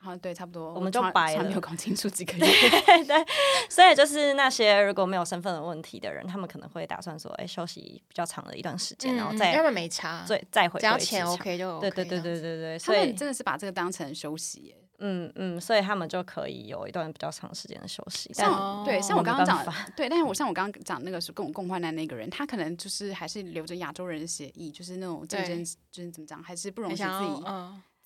啊，對，差不多，我們就白了，沒有搞清楚幾個月。對，所以就是那些如果沒有身份的問題的人，他們可能會打算說，哎、欸，休息比較長的一段時間，嗯、然後再對本沒差，再再回對一次。只要錢 OK 就對、OK、對對對對對，所以他們真的是把這個當成休息。嗯嗯，所以他們就可以有一段比較長時間的休息。像但、哦、對，像我剛剛講，對，但是我像我剛剛講那個是跟我共患難那個人，他可能就是還是留着亞洲人的血液，就是那種競爭對就是怎麼講，還是不容許自己。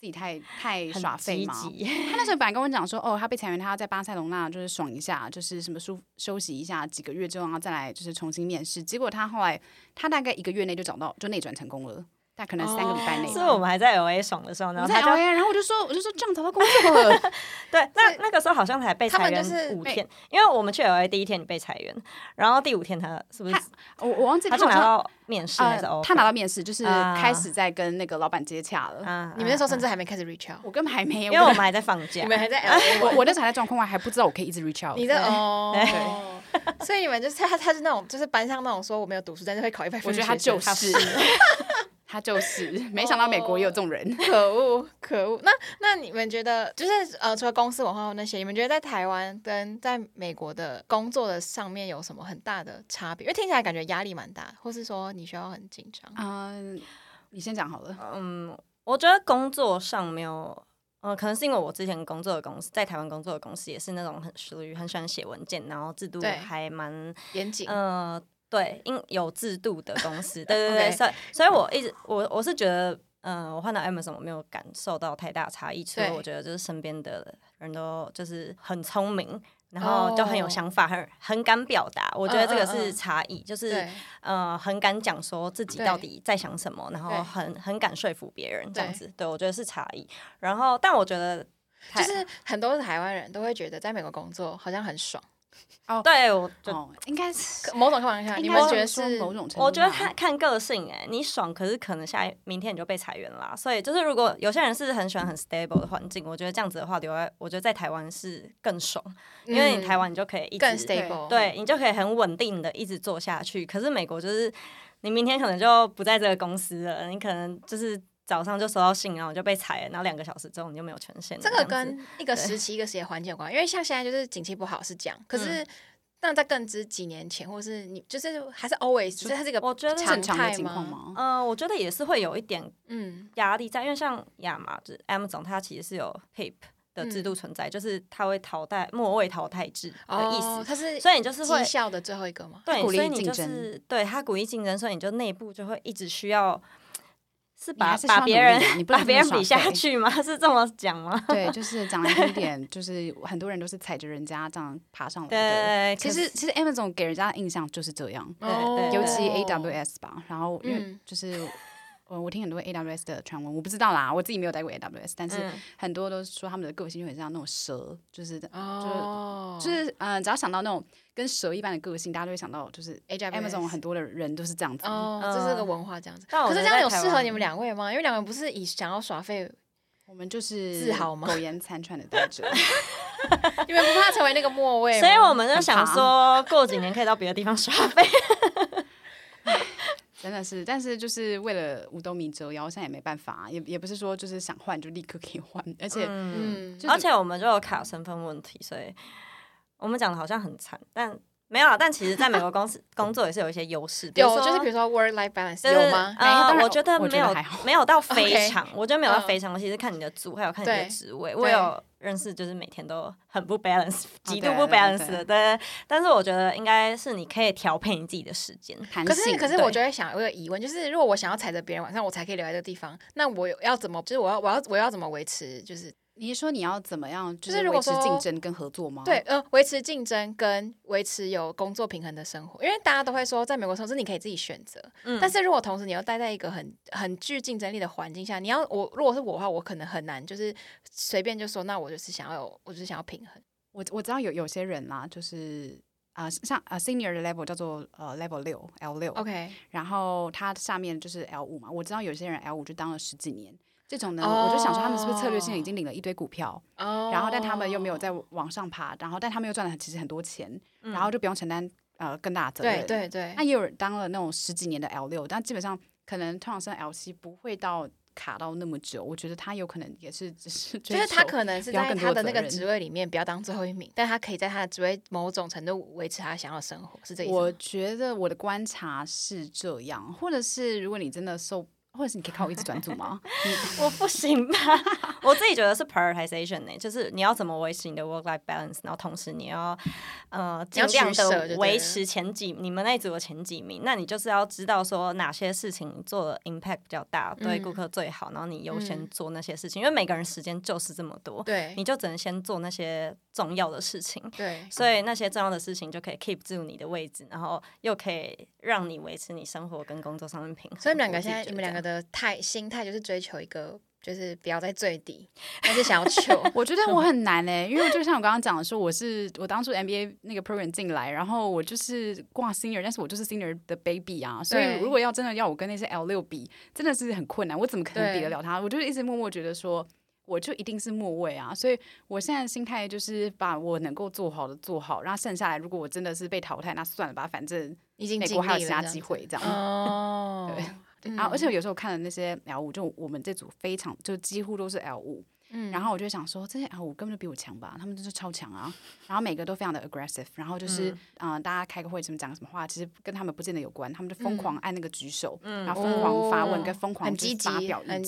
自己太太耍廢，積 他那時候本來跟我講說，哦，他被裁員，他要在巴塞羅那就是爽一下，就是什麼舒服休息一下，幾個月之後然後再來就是重新面試。結果他後來，他大概一個月內就找到，就內轉成功了。可能三個禮拜內。所以我們還在 LA 爽的時候，呢，然後他就，然後我就說，我就說，這樣找到工作了。對，那那個時候好像才被裁員是五天，因為我們去 LA 第一天你被裁員，然後第五天他是不是？我我忘記他拿到面試還是？他拿到面試，就是開始在跟那個老闆接洽了。你們那時候甚至還沒開始 reach out，我根本還沒有，因為我們還在放假，你們還在我我那時候還在狀況外，還不知道我可以一直 reach out。你在哦，對。所以你們就是他，他是那種就是班上那種說我沒有讀書，但是會考一百分。我覺得他就是。他就是，沒想到美國也有這種人，哦、可惡可惡。那那你們覺得，就是呃，除了公司文化那些，你們覺得在台灣跟在美國的工作的上面有什麼很大的差別？因為聽起來感覺壓力蠻大，或是說你需要很緊張？嗯、呃，你先講好了。嗯，我覺得工作上沒有，嗯、呃，可能是因為我之前工作的公司，在台灣工作的公司也是那種很屬於很喜歡寫文件，然後制度還蠻嚴謹，嗯對。呃對，有制度的公司，對對對，所以 Okay, 所以我一直我我是覺得，嗯、呃，我換到 Amazon 我沒有感受到太大差異，對所以我覺得就是身邊的人都就是很聰明，然後就很有想法，oh. 很很敢表達，我覺得這個是差異，uh, uh, uh. 就是對、呃、很敢講說自己到底在想什麼，然後很很敢說服別人這樣子，對，對我覺得是差異。然後但我覺得，對就是很多台灣人都會覺得在美國工作好像很爽。 對哦，對我，應該是某種開玩笑，應該覺得某種我覺得看看個性、欸，誒，你爽，可是可能下明天你就被裁員啦， 所以就是如果有些人是很喜歡很 stable 的環境，我覺得這樣子的話，留在我覺得在台灣是更爽，因為你台灣你就可以一直 stable，對，你就可以很穩定的一直做下去，可是美國就是你明天可能就不在這個公司了，你可能就是。早上就收到信，然後就被裁了。然後兩個小時之後，你就沒有權限。這個跟一個時期、對一個時間環境有關，因為像現在就是景氣不好是這樣。可是、嗯、但在更之幾年前，或是你就是還是 always，就所以它這個我覺得常態嗎？呃，我覺得也是會有一點嗯壓力在，因為像亞麻 Amazon 它其實是有 hip 的制度存在，嗯、就是它會淘汰末位淘汰制的意思。哦、它是所以你就是績效的最後一個嘛？對，所以你就是對它鼓勵競爭，所以你就內部就會一直需要。是把是、啊、把別人把別人比下去嗎？是這麼講嗎？對，就是講了一點， 就是很多人都是踩着人家這樣爬上來的。對，對其實 'cause, 其實 Amazon 給人家的印象就是這樣，對對，對，對，尤其 AWS 吧，吧，然後嗯，就是。嗯 呃，我聽很多 AWS 的傳聞，我不知道啦，我自己沒有待過 AWS，但是很多都說他們的個性就很像那種蛇，就是這樣，哦、就是，就是，嗯，只要想到那種跟蛇一般的個性，大家都會想到，就是 Amazon 很多的人都是這樣子，哦、這是個文化這樣子。嗯、可是這樣有適合你們兩位嗎？因為兩個人不是以想要耍廢，我們就是自豪苟延殘喘的待着， 你們不怕成為那個末位？所以我們就想說過幾年可以到別的地方耍廢。 真的是，但是就是為了五斗米折腰，現在也沒辦法，啊，也也不是說就是想換就立刻可以換，而且，嗯就是、而且我們就有卡身份問題，所以我們講的好像很慘，但。沒有啊，但其實，在美國公司工作也是有一些優勢。有，就是比如說 work life balance。有嗎？沒有，我覺得沒有，沒有到非常，我覺得沒有到非常。其實看你的組，還有看你的職位。我有認識，就是每天都很不 balance，極度不 balance 的。對。但是我覺得應該是你可以調配你自己的時間彈性。可是可是，我就在想，有個疑問，就是如果我想要踩着別人晚上，我才可以留在這個地方，那我要怎麼？就是我要我要我要怎麼維持？就是。你是說你要怎麼樣，就是維持競爭跟合作嗎？對，呃，維持競爭跟維持有工作平衡的生活，因為大家都會說，在美國同時你可以自己選擇，嗯，但是如果同時你要待在一個很很具競爭力的環境下，你要我，如果是我的話，我可能很難，就是隨便就說，那我就是想要有，我就是想要平衡。我我知道有有些人嘛、啊，就是啊、呃，像啊、呃，senior level 叫做呃 level 六 L 六，OK，然後他下面就是 L 五嘛，我知道有些人 L 五就當了十幾年。這種呢，oh, 我就想說他們是不是策略性已經領了一堆股票，oh. 然後但他們又沒有在往上爬，然後但他們又賺了其實很多錢，嗯、然後就不用承擔呃更大的責任。對對對。對對也有人當了那種十幾年的 L 六，但基本上可能通常升 L 七不會到卡到那麼久，我覺得他有可能也是只是就是他可能是在他的那個職位裡面不要當最後一名，但他可以在他的職位某種程度維持他想要的生活，是這。我覺得我的觀察是這樣，或者是如果你真的受。或者是你可以靠我一直轉組嗎？ 你 我不行吧， 我自己覺得是 prioritization 呢、欸，就是你要怎麼維持你的 work-life balance，然後同時你要呃盡量的維持前幾，你，你們那組的前幾名，那你就是要知道說哪些事情做的 impact 比較大，嗯、對顧客最好，然後你優先做那些事情，嗯、因為每個人時間就是這麼多，對，你就只能先做那些。重要的事情，對，所以那些重要的事情就可以 keep 住你的位置，然後又可以讓你維持你生活跟工作上面平衡。所以你們兩個現在，你們兩個的態心態就是追求一個，就是不要在最低， 還是想要求。我覺得我很難哎、欸， 因為就像我剛剛講的說，我是我當初 MBA 那個 program 進來，然後我就是掛 senior，但是我就是 senior 的 baby 啊，對所以如果要真的要我跟那些 L 六比，真的是很困難，我怎麼可能比得了他？對我就一直默默覺得說。我就一定是末位啊，所以我現在心態就是把我能夠做好的做好，然後剩下來，如果我真的是被淘汰，那算了吧，反正美國還有其他機會這樣。哦， 對、嗯啊，而且我有時候看的那些 L 五，就我們這組非常，就幾乎都是 L 五。嗯，然後我就想說，這些啊、哎，我根本就比我強吧？他們就是超強啊！然後每個都非常的 aggressive，然後就是，啊、嗯呃、大家開個會怎麼講什麼話，其實跟他們不見得有關，他們就瘋狂按那個舉手，嗯嗯、然後瘋狂發問、哦、跟瘋狂發表意見，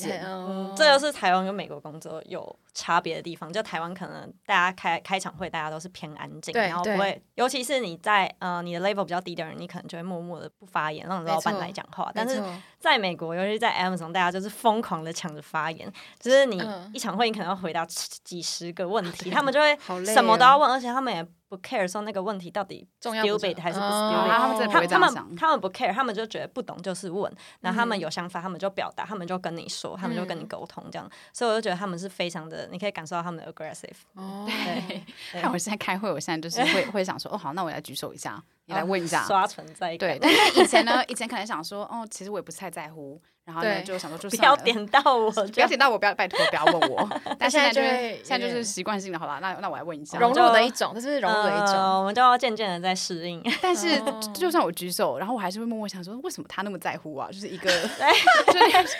這就、嗯、是台灣跟美國工作有差別的地方，就台灣可能大家開開場會，大家都是偏安靜，對然後不會，對尤其是你在呃你的 level 比較低的人，你可能就會默默的不發言，讓老闆來講話。錯但是在美國，尤其在 Amazon 大家就是瘋狂的搶着發言，錯就是你一場會，你可能要回答幾十個問題，嗯、他們就會什麼都要問，哦、而且他們也。不 care 說那個問題到底重要不還是不重要？他們他們他們不 care，他們就覺得不懂就是問。嗯、然後他們有想法，他們就表達，他們就跟你說，他們就跟你溝通這樣。嗯、所以我就覺得他們是非常的，你可以感受到他們的 aggressive、哦。對，那我現在開會，我現在就是會 會想說，哦，好，那我來舉手一下。來問一下，刷存在感。對，但是以前呢，以前可能想說，哦，其實我也不是太在乎，然後呢，就想說，就是不要點到我，不要點到我，不要拜託，不要問我。但現在就是現在就是習慣性的好吧？那那我來問一下，融入的一種，就是融入的一種，我們都要漸漸的在適應。但是，就算我舉手，然後我還是會默默想說，為什麼他那麼在乎啊？就是一個，就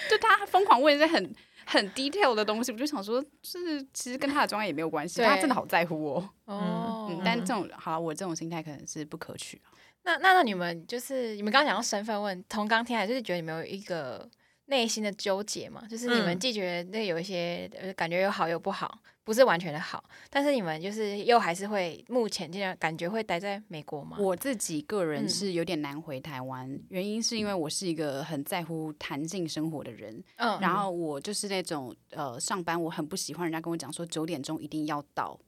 就他瘋狂問一些很。很 detail 的東西，我就想說，就是其實跟他的狀態也沒有關係，對但他真的好在乎我。哦、嗯嗯，但這種好，我這種心態可能是不可取、啊那。那那那你們就是你們剛剛講到身份問，同剛天海就是覺得你們有一個內心的糾結嘛，就是你們既覺得那有一些感覺又好又不好。嗯不是完全的好，但是你們就是又還是會目前這樣感覺會待在美國嗎？我自己個人是有點難回台灣，嗯、原因是因為我是一個很在乎彈性生活的人，嗯，然後我就是那種呃上班我很不喜歡人家跟我講說九點鐘一定要到，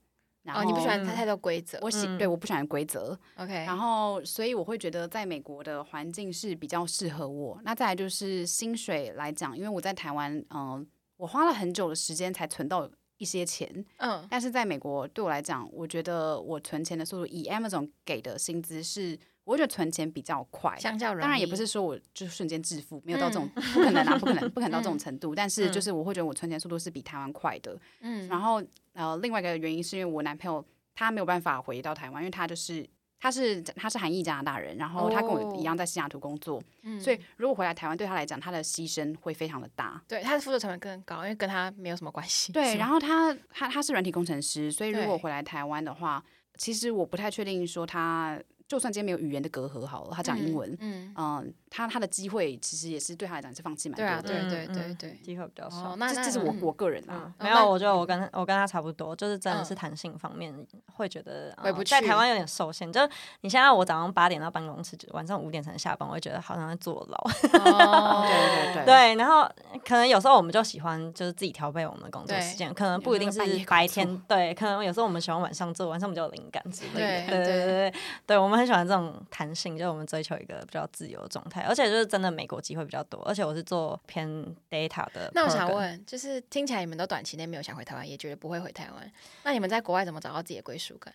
然後、哦、你不喜歡太太多規則，嗯、我喜對我不喜歡規則，OK、嗯、然後所以我會覺得在美國的環境是比較適合我。那再來就是薪水來講，因為我在台灣，嗯、呃，我花了很久的時間才存到。一些錢，嗯，oh. 但是在美國對我來講，我覺得我存錢的速度，以 Amazon 給的薪資是，我覺得存錢比較快，相較當然也不是說我就是瞬間致富，沒有到這種，嗯、不可能啊，不可能， 不可能到這種程度。但是就是我會覺得我存錢速度是比台灣快的，嗯，然後呃，另外一個原因是因為我男朋友他沒有辦法回到台灣，因為他就是。他是他是韓裔加拿大人，然後他跟我一樣在西雅圖工作，哦嗯、所以如果回來台灣對他來講，他的犧牲會非常的大。對，他的輔助成本更高，因為跟他沒有什麼關係。對，是然後他他他是軟體工程師，所以如果回來台灣的話，對其實我不太確定說他就算今天沒有語言的隔閡，好了，他講英文，嗯。嗯呃他他的機會其實也是對他來講是放棄蠻多的，對對對對對，機會比較少。那這這是我我個人啊，沒有，我覺得我跟我跟他差不多，就是真的是彈性方面會覺得在台灣有點受限。就你現在我早上八點到辦公室，晚上五點才能下班，我會覺得好像在坐牢。對對對對，然後可能有時候我們就喜歡就是自己調配我們的工作時間，可能不一定是白天。對，可能有時候我們喜歡晚上做，晚上比較有靈感之類的。對對對對，對我們很喜歡這種彈性，就我們追求一個比較自由的狀態。而且就是真的，美國機會比較多。而且我是做偏 data 的。那我想問，就是聽起來你們都短期內沒有想回台灣，也覺得不會回台灣。那你們在國外怎麼找到自己的歸屬感？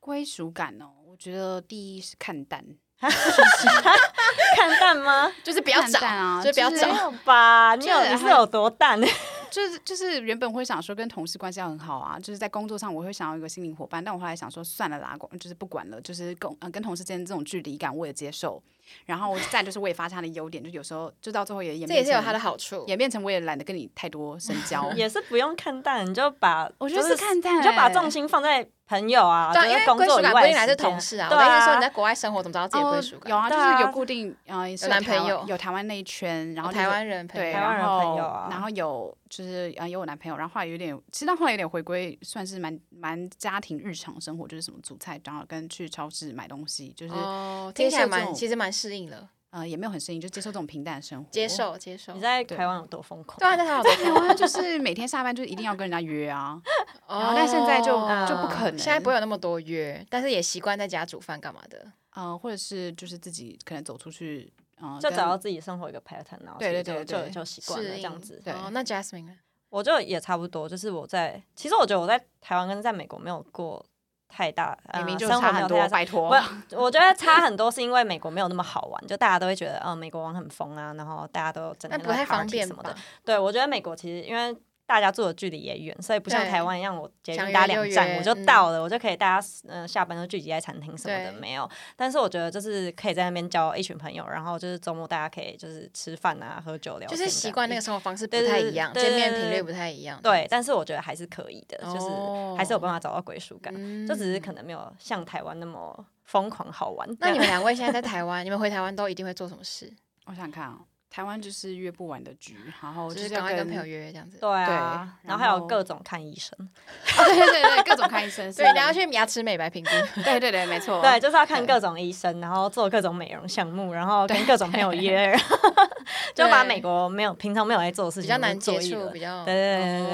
歸屬感哦，我覺得第一是看淡，看淡嗎？就是不要長啊，就不要長吧？你有你是有多淡？就是就是原本會想說跟同事關係要很好啊，就是在工作上我會想要一個心靈伙伴。但我後來想說，算了啦，就是不管了，就是跟跟同事間這種距離感我也接受。然後，再就是我也發現他的優點，就有時候就到最後也演變成，這也是有他的好處，演變成我也懶得跟你太多深交， 也是不用看淡，你就把，我就是、就是看淡，你就把重心放在。朋友啊，對啊，我因為歸屬感不一定來自同事啊。對啊，我的意思是說你在國外生活怎麼知道自己的歸屬感？Oh, 有啊，就是有固定，嗯、啊，呃、有，有男朋友，有台灣那一圈，然後、就是 oh, 台灣人，對，然後然後，然後有就是呃，有我男朋友，然後後來有點，其實到後來有點回歸，算是蠻蠻家庭日常生活，就是什麼煮菜，然後跟去超市買東西，就是聽起來蠻，其實蠻適應的。呃，也沒有很適應，就接受這種平淡的生活。接受，接受。你在台灣有多瘋狂？對，對啊，對。台灣、 啊，在台灣就是每天下班就一定要跟人家約啊。哦。 但現在就、哦、就不可能。現在不會有那麼多約，但是也習慣在家煮飯幹嘛的。嗯、呃，或者是就是自己可能走出去，啊、呃，就找到自己生活一個 pattern 然後跟，對對對對，對就習慣了這樣子。哦，那 Jasmine 呢？我就也差不多，就是我在，其實我覺得我在台灣跟在美國沒有過。太大，生活沒有很多。不拜託，我覺得差很多，是因為美國沒有那麼好玩， 就大家都會覺得，嗯、呃，美國玩很瘋啊，然後大家都整天 like party 什麼的。不太方便。對，我覺得美國其實因為。大家住的距離也遠，所以不像台灣一樣，我捷運搭兩站我就到了，我就可以大家嗯下班就聚集在餐廳什麼的沒有。但是我覺得就是可以在那邊交一群朋友，然後就是周末大家可以就是吃飯啊、喝酒、聊天。就是習慣那個生活方式不太一樣，見面頻率不太一樣。對，但是我覺得還是可以的，就是還是有辦法找到歸屬感，就只是可能沒有像台灣那麼瘋狂好玩。那你們兩位現在在台灣，你們回台灣都一定會做什麼事？我想看哦。台灣就是約不完的局，然後就是趕快跟朋友約約這樣子。對啊，然後還有各種看醫生，對對對，各種看醫生。對，你要去牙齒美白評估。對對對，沒錯。對，就是要看各種醫生，然後做各種美容項目，然後跟各種朋友約，然後就把美國沒有平常沒有在做的事情比較難接觸，比較。對對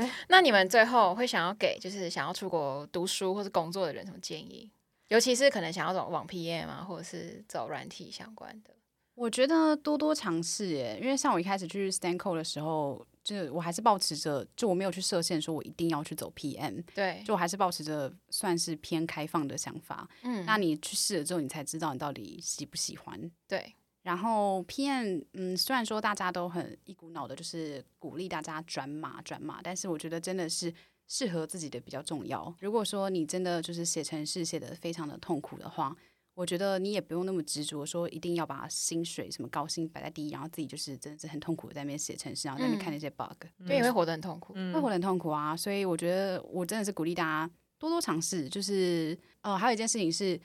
對。那你們最後會想要給就是想要出國讀書或者工作的人什麼建議？尤其是可能想要走網 PM 啊，或者是走軟體相關的。我覺得多多嘗試耶，因為像我一開始去 stanCode 的時候，就我還是抱持著，就我沒有去設限，說我一定要去走 PM，對，就我還是抱持著算是偏開放的想法。嗯，那你去試了之後，你才知道你到底喜不喜歡。對，然後 PM，嗯，雖然說大家都很一股腦的，就是鼓勵大家轉碼轉碼，但是我覺得真的是適合自己的比較重要。如果說你真的就是寫程式寫得非常的痛苦的話。我覺得你也不用那麼執着，說一定要把薪水什麼高薪擺在第一，然後自己就是真的是很痛苦在那邊寫程式，然後在那邊看那些 bug，那也、嗯、對、會活得很痛苦，嗯、會活得很痛苦啊。所以我覺得我真的是鼓勵大家多多嘗試，就是哦、呃，還有一件事情是。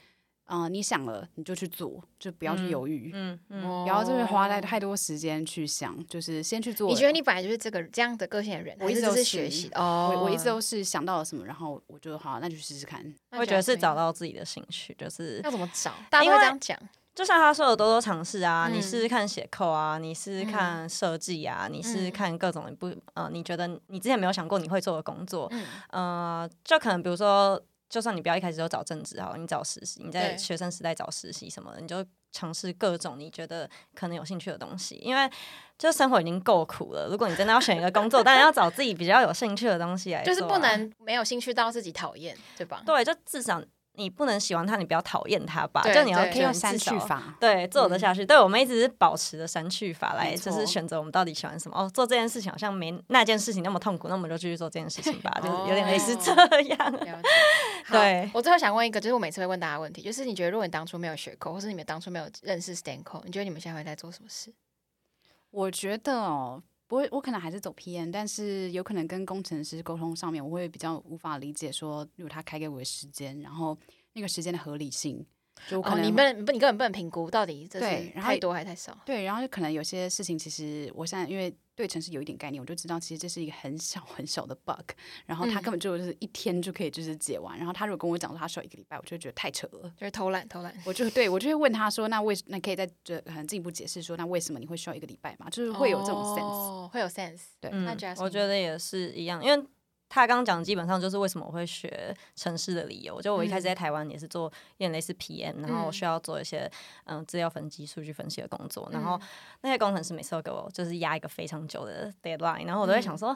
嗯、呃，你想了，你就去做，就不要去猶豫，嗯，嗯，嗯，不要就是花太多時間去想，嗯、就是先去做。你覺得你本來就是這個這樣的個性的人？是是的，我一直都是學習，哦，我，我一直都是想到了什麼，然後我覺得好，那就試試看。我覺得是找到自己的興趣，就是要怎麼找？大家會這樣講，就像他說的，多多嘗試啊、嗯、啊，你試試看寫扣啊，嗯、你試試看設計啊，你試試看各種不，呃，你覺得你之前沒有想過你會做的工作，嗯、呃，就可能比如說。就算你不要一開始就找正職，好，你找實習，你在學生時代找實習什麼的，對你就嘗試各種你覺得可能有興趣的東西，因為就生活已經夠苦了。如果你真的要選一個工作， 當然要找自己比較有興趣的東西來做啊。就是不能沒有興趣到自己討厭，對吧？對，就至少。你不能喜歡他，你比較討厭他吧？對就你要可以用刪去法，對，做得下去。嗯、對我們一直是保持著刪去法來，就是選擇我們到底喜歡什麼。錯哦，做這件事情好像沒那件事情那麼痛苦，那我們就繼續做這件事情吧，對就是有點類似這樣。對，我最後想問一個，就是我每次會問大家問題，就是你覺得，如果你當初沒有學 code 或者你們當初沒有認識 stanCode，你覺得你們現在會在做什麼事？我覺得哦。我我可能還是走 PM，但是有可能跟工程師溝通上面，我會比較無法理解說，如果他開給我的時間，然後那個時間的合理性。就可能、哦、你不能，你根本不能評估到底這是太多還是太少對。對，然後就可能有些事情，其實我現在因為對程式有一點概念，我就知道其實這是一個很小很小的 bug，然後他根本就是一天就可以就是解完。嗯、然後他如果跟我講說他需要一個禮拜，我就覺得太扯了，就是偷懶偷懶。我就對我就會問他說，那為那可以再就可能進一步解釋說，那為什麼你會需要一個禮拜嘛？就是會有這種 sense，、哦、會有 sense。對，那、嗯、我覺得也是一樣，因為。他剛剛講的基本上就是為什麼我會學程式的理由，就我一開始在台灣也是做有點類似 PM，、嗯、然後需要做一些嗯、呃、資料分析、數據分析的工作，嗯、然後那些工程師每次都給我就是壓一個非常久的 deadline，然後我都在想說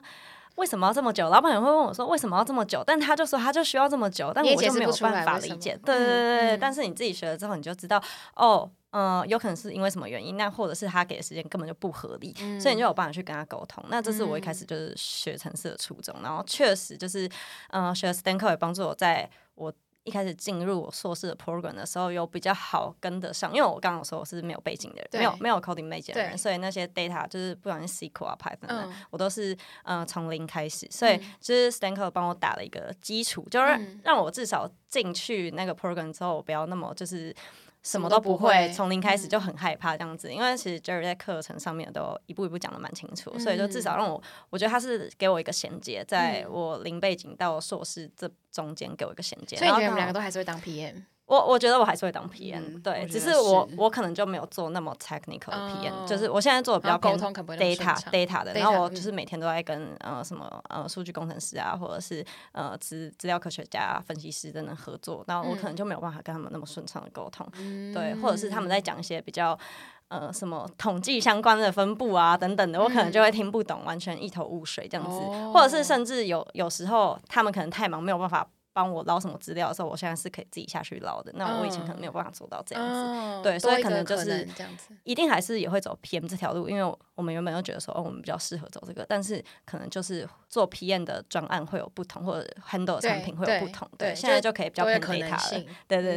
為什麼要這麼久？嗯、老闆也會問我說為什麼要這麼久？但他就說他就需要這麼久，但我也沒有辦法理解。解對對對對，嗯、但是你自己學了之後你就知道哦。嗯、呃，有可能是因為什麼原因，那或者是他給的時間根本就不合理，嗯、所以你就有辦法去跟他溝通。那這是我一開始就是學程式的初衷，嗯、然後確實就是，嗯、呃，學 stanCode 也幫助我在我一開始進入我碩士的 program 的時候有比較好跟得上，因為我剛剛說我是沒有背景的人，對沒有沒有 coding major 的人，對所以那些 data 就是不管是 SQL 啊 Python，啊、嗯、我都是嗯從、呃、零開始，所以就是 stanCode 幫我打了一個基礎，嗯、就是讓，讓我至少進去那個 program 之後我不要那麼就是，什麼都不會，從零開始就很害怕這樣子，嗯、因為其實 Jerry 在課程上面都一步一步講得蠻清楚，嗯、所以就至少讓我我覺得他是給我一個銜接，在我零背景到碩士這中間給我一個銜接。嗯、後所以你覺得我們兩個都還是會當 PM？我我覺得我還是會當 PM，嗯、對，是只是我我可能就沒有做那麼 technical 的 PM，哦、就是我現在做的比較溝通可不，data data 的，然後我就是每天都在跟呃什麼呃數據工程師啊，或者是呃資資料科學家、啊、分析師等等合作，然後我可能就沒有辦法跟他們那麼順暢的溝通，嗯、對，或者是他們在講一些比較呃什麼統計相關的分布啊等等的，我可能就會聽不懂，嗯、完全一頭霧水這樣子，哦、或者是甚至有有時候他們可能太忙沒有辦法。幫我撈什麼資料的時候，我現在是可以自己下去撈的。那我以前可能沒有辦法做到這樣子，對，所以可能就是這樣子，一定還是也會走 PM 這條路，因為我們原本都覺得說，哦，我們比較適合走這個，但是可能就是做 PM 的專案會有不同，或者 handle 的產品會有不同。對，現在就可以比較可能了。對對對對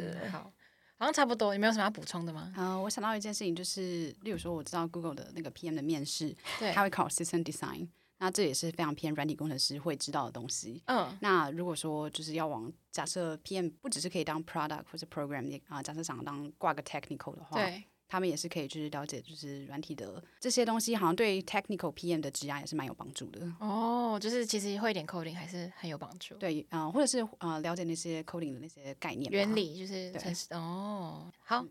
對對，好，好像差不多，有沒有什麼要補充的嗎？啊，我想到一件事情，就是例如說，我知道 Google 的那個 PM 的面試，他會考 system design。那這也是非常偏軟體工程師會知道的東西。嗯，那如果說就是要往假設 PM 不只是可以當 Product 或者 Programming 啊、呃，假設想當掛個 Technical 的話，對，他們也是可以去了解就是軟體的這些東西，好像對 Technical PM 的職涯也是蠻有幫助的。哦，就是其實會一點 Coding 還是很有幫助。對，啊、呃，或者是啊、呃，了解那些 Coding 的那些概念原理，就是對哦、嗯、好。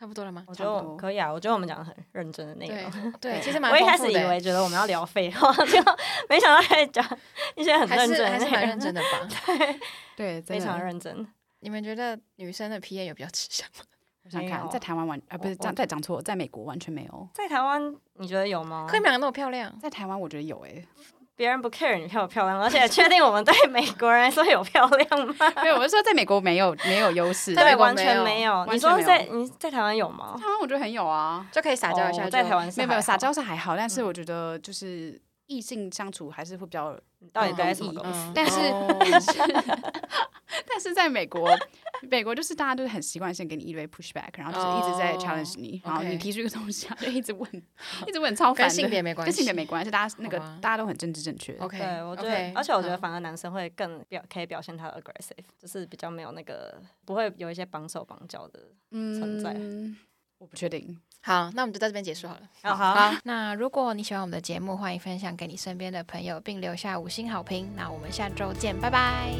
差不多了嗎？我覺得可以啊，我覺得我們講的很認真的內容。對，其實蠻。我一開始以為覺得我們要聊廢話，就沒想到在講一些很認真還是很認真的吧？對，非常認真。你們覺得女生的 PM 有比較吃香嗎？我想看，在台灣玩，啊不是在講錯，在美國完全沒有。在台灣，你覺得有嗎？可以你們兩個長得那麼漂亮？在台灣，我覺得有誒。別人不 care 你漂不漂亮，而且確定我們對美國人來說有漂亮嗎？ 沒有，我是說在美國沒有沒有優勢，美對，完全沒有。沒有你說在，你，說在你在台灣有嗎？台灣我覺得很有啊，就可以撒嬌一下。Oh, 就在台灣沒，沒有，沒有撒嬌是還好，但是我覺得就是異性相處還是會比較。你到底在什麼公司？但是、嗯、但是，oh. 但是在美國，美國就是大家都是很習慣性給你一堆 pushback，然後就是一直在 challenge 你，然後你提出一個東西，他就一直問，一直問超，超煩。跟性別沒關係，跟性別沒關係，大家那個嗎大家都很政治正確。對 OK，對我，OK，而且我覺得反而男生會更表，可以表現他的 aggressive，就是比較沒有那個，不會有一些綁手綁腳的存在。嗯、我不確定。好，那我們就在這邊結束好了。Oh, 好啊，好，那如果你喜歡我們的節目，歡迎分享給你身邊的朋友，並留下五星好評。那我們下周見，拜拜。